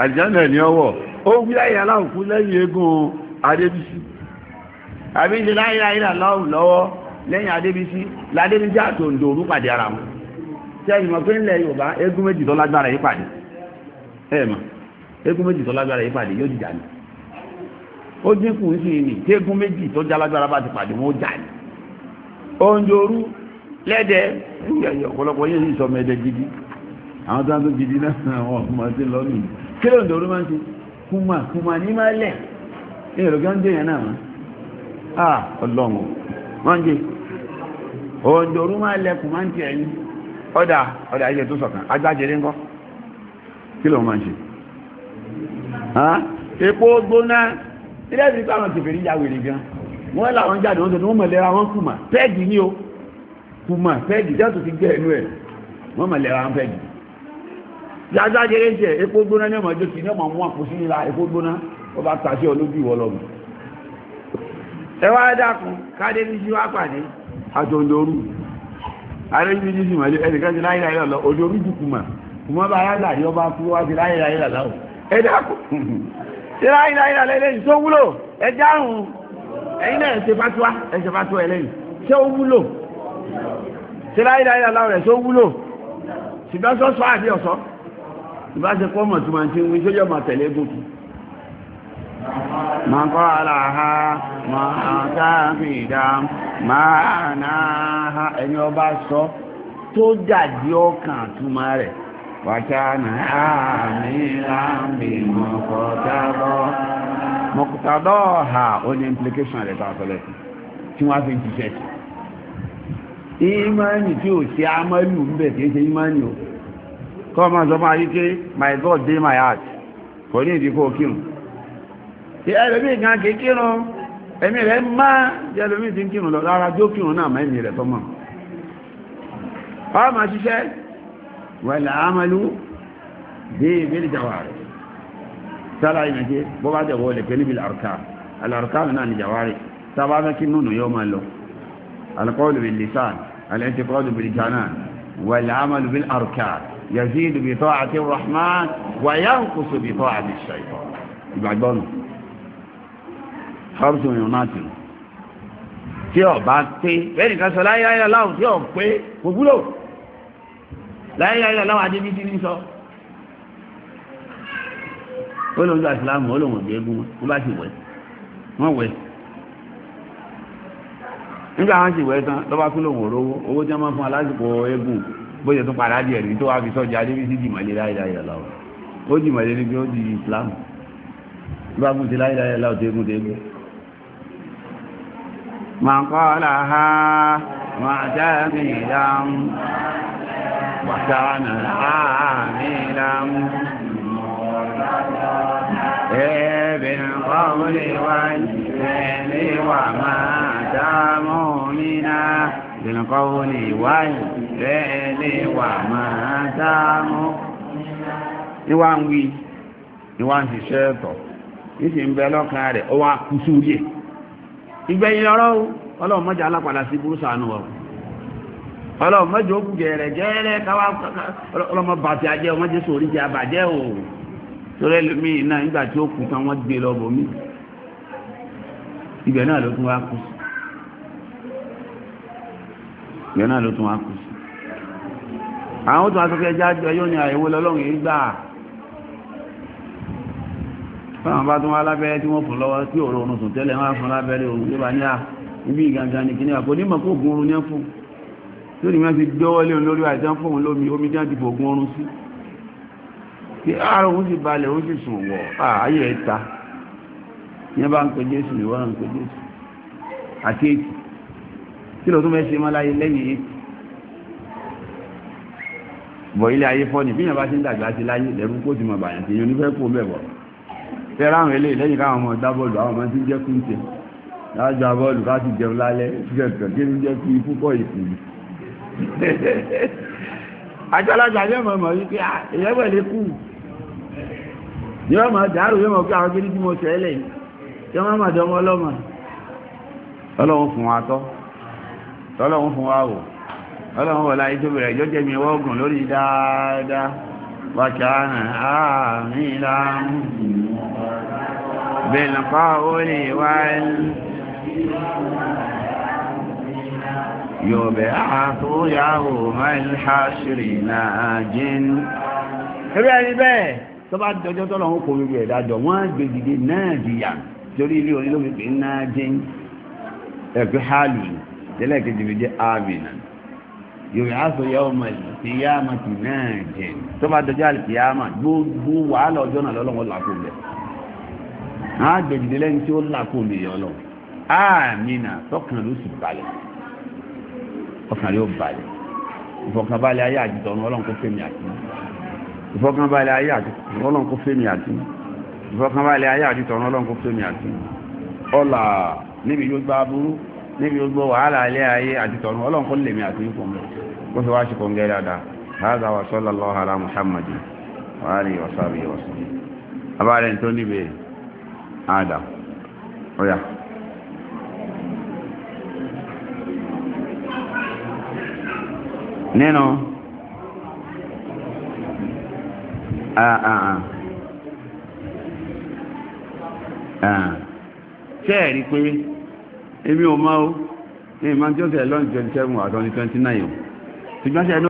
àlìjáná ní ọwọ́ ó wí láyé láwọ̀ kú lẹ́yìn eégún adébísí àbí ṣe láìláìlà lọ́wọ́ lọ́wọ́ lẹ́yìn adébísí ládébísí àtòǹdò òru pàdé ara wọn sẹ́yìn mọ̀ pé ńlẹ̀ yorùbá eégún méjì tó lágbára yìí pàdé ẹ̀ mọ̀ eégún méjì tó lágbára yìí pàdé yóò dìjà ni ó dínkù sí ni téégún méjì tó jálágbára bá ti pàdé wọn ó jà lẹ́dẹ̀ ọ̀pọ̀lọpọ̀ sọ gidi àwọn tó ń tó gidi náà ní ìrògbé oúnjẹ yẹn náà ah ọlọ́run oúnjẹ oúnjẹ orú máa lẹkùn máa ń tẹ ẹyin ọ̀dà ọ̀dà ayé tó sọ̀kan agbájẹrẹ ńkọ́ kí ló máa ń ṣe epo gbóná ilé ìdíkọ àwọn tìfèrí ya wèrè gan wọ́n làwọn jáde wọ́n tẹ̀lé wọ́n mọ̀lẹ́ra wọn o kùmà pẹ́ẹ̀gì jẹ́tù ti gbẹ́ ẹnu ẹ̀ wọ́n mọ̀lẹ́ra epo gbóná ní ọmọ ọjọ́ kì ní ọmọ epo gbóná ó bá tàṣẹ olójú ìwọ lọ mọ̀ ẹ wá dákun káde ní sí wá pàdé àjọ olórú arẹ́jú ní sí màlẹ́ ẹnìkan ti láyé láyé lọ́lọ́ olórú jùkú mà kùmọ́ bá yáda yọ bá kú wá ti láyé láyé lọ́lọ́ ẹ dákun ti láyé láyé lọ́lọ́ ẹlẹ́yìn tó wúlò ẹ dáhùn ẹ̀yin náà ẹ̀ṣẹ̀ fatuwa ẹ̀ṣẹ̀ fatuwa ẹlẹ́yìn ṣé ó wúlò ti láyé láyé lọ́lọ́ rẹ̀ ṣé ó wúlò ṣùgbọ́n sọ́sọ́ àbí ọ̀sọ́ ìbáṣepọ̀ mọ̀ tí wọ́n ti ń wí sójú ọmọ tẹ̀lé gòkè من ha ما كافدا ما ناها ẹni ọba sọ tó dàdí ọkàn àtúmọ̀ rẹ̀ wàkánà àmìlàmì ha implication rẹ̀ tó àtọ́lẹ̀ tí wọ́n tí ìmọ̀ẹ́nì tí ò ń bẹ̀ kìí ṣe ìmọ̀ẹ́nì o kọ́ ọmọ sọ fún ayíké my God dey my heart kò ní ìdíkò kírun ẹlòmí gan kékírùn ẹ̀mí rẹ̀ má jẹ́lòmí ti ń kírùn lọ lára jó kírùn náà mẹ́mí rẹ̀ tọ́mọ̀ ọmọ ṣiṣẹ́ wẹ̀lẹ̀ àmàlú dé ìbílì jàwárí sára ìmẹ̀jẹ́ bó bá jẹ̀ wọlé pẹ̀lú ìbílì àrùká alàrùká náà ni jàwárí sábà fẹ́ kí nùnù yóò máa lọ alqawlu bil lisan al-i'tiqadu bil janan wal 'amalu bil arkan yazidu bi ta'ati ar-rahman wa yanqusu bi ta'ati ash-shaytan ìgbàgbọ́nù hamsu yonati tí ó bá pé bẹ́ẹ̀ni ká sọ láyé ayé aláwọ̀ tí ó pé kò wúlò láyé ayé aláwọ̀ adébí ti ní sọ ó lóun jọ àsìlámù ó lóun òbí egun wọn bá sì wẹ̀ wọn wẹ̀ nígbà wọn sì wẹ̀ tán lọ́ba tún lòun òrówó owó tí wọ́n máa fún alásìkò egun bóyá tó padà díẹ̀ rí tó fi sọ́jà adébí sí dìmọ̀lẹ́ láyé ayé aláwọ̀ ó di ìsìlámù من قالها معتمدا وكان عاملا بالقول والفعل وما داموا منا بالقول والفعل وما داموا ni wá ń wí ni wá ń ṣiṣẹ́ ẹ̀tọ̀ ní sì ń lọ́kàn rẹ̀ ó wá kú sí ẹ̀ ìgbẹ̀yìn yi ọlọ́run mọ́jà alápàdà sí burú sànú ọ̀ ọlọ́run mọ́jà ó gẹ̀ẹ́rẹ̀ gẹ́ẹ́rẹ́ káwá ọlọ́mọ bàtì ajẹ́ ọmọ o torí elu náà nígbà tí ó kù tán gbé lọ mi ibẹ̀ náà ló tún wá kù sí àwọn tó wá yóò ní fáwọn bá tún wá lábẹ́rẹ́ tí wọ́n fún lọ́wọ́ tí òòrùn oòrùn sùn tẹ́lẹ̀ wọ́n á fún lábẹ́rẹ́ òun yóò bá ní à ibi ìgangan ní kíní àpò onímọ̀ kó ògùn oorun ní fún tó ní wọ́n ti dọ́wọ́ lé òun lórí àìsàn fóun lómi omi tí wọ́n ti fògùn oorun sí tí ààrùn òun sì balẹ̀ òun sì sùn wọ̀ ààyè ẹ̀ ta yẹn bá ń pe Jésù ni wọ́n ń pe Jésù àti èkì kí ló tún fẹ́ ṣe mọ́láyé láyé lẹ́rú kó bọ̀ tẹ́rà àwọn ilé ìlẹ́yìn káwọn ọmọ ọ̀dá bọ́ọ̀lù àwọn ọmọ tí ń jẹ́ kún tẹ lájọ bọ́ọ̀lù láti jẹun lálẹ́ ìfúkẹ̀kẹ̀ kí ń jẹ́ kí púpọ̀ ìsìn àjọ́lájà yẹ́ mọ̀ mọ̀ wípé ìyẹ́wẹ̀ ah, lè kú yọ́ mọ̀ dárò yọ́ mọ̀ pé àwọn gírí tí mo tẹ́lẹ̀ yọ́ mọ̀ mọ̀ jọmọ ọlọ́mọ ọlọ́run fún wa tọ́ ọlọ́run fún wa wò ọlọ́run wọ̀lá ìjọ bẹ̀rẹ̀ ìjọ jẹ́ mi lórí dáadáa wákàánà àmì láàmù بالقول وال يبعث يوم الحشر ناجن ẹ̀rí ẹni bẹ́ẹ̀ tó bá dọjọ́ tọ́lọ̀ ń kò gbogbo ẹ̀dájọ́ wọ́n gbèdìdè náà jìyà torí ilé orí lómi pé náà jẹ́ ẹ̀kú hálù tẹ́lẹ̀ kejì fi jẹ́ ààbìnà yorùbá aṣọ ọmọ ìyá àmà náà jẹ́ tó bá dọjọ́ gbogbo wàhálà ọjọ́ náà lọ́lọ́wọ́ làkúnbẹ̀ẹ́ àwọn àgbèjìdè lẹ́yìn tí ó làkó mi yọ lọ àmìnà tọkàn ló sì balẹ̀ ọkàn yóò balẹ̀ ìfọkànbalẹ̀ ayé àjùtọ̀ ọ̀nà ọlọ́run kó fẹ́mi àti ìfọkànbalẹ̀ ayé àjùtọ̀ ọ̀nà ọlọ́run kó fẹ́mi àti ìfọkànbalẹ̀ ayé àjùtọ̀ ọ̀nà ọlọ́run kó fẹ́mi àti ọ̀là níbi yóò gbá burú níbi yóò gbọ́ wàhálà alẹ́ ayé àjùtọ̀ ọ̀nà ọlọ́run kó lèmi àti ìfọ̀n kó fi wá ṣe kò ń gẹ́ dáadáa هذا وصلى الله على محمد وآله وصحبه وسلم أبعد أن توني بيه Adam ọ̀yà. nínú ṣe ẹ̀rí pé èmi ò máa ó ní ìmọ̀ tí ó tẹ̀ lọ́nà 27 àtọ́ni 29 ṣùgbọ́n ṣe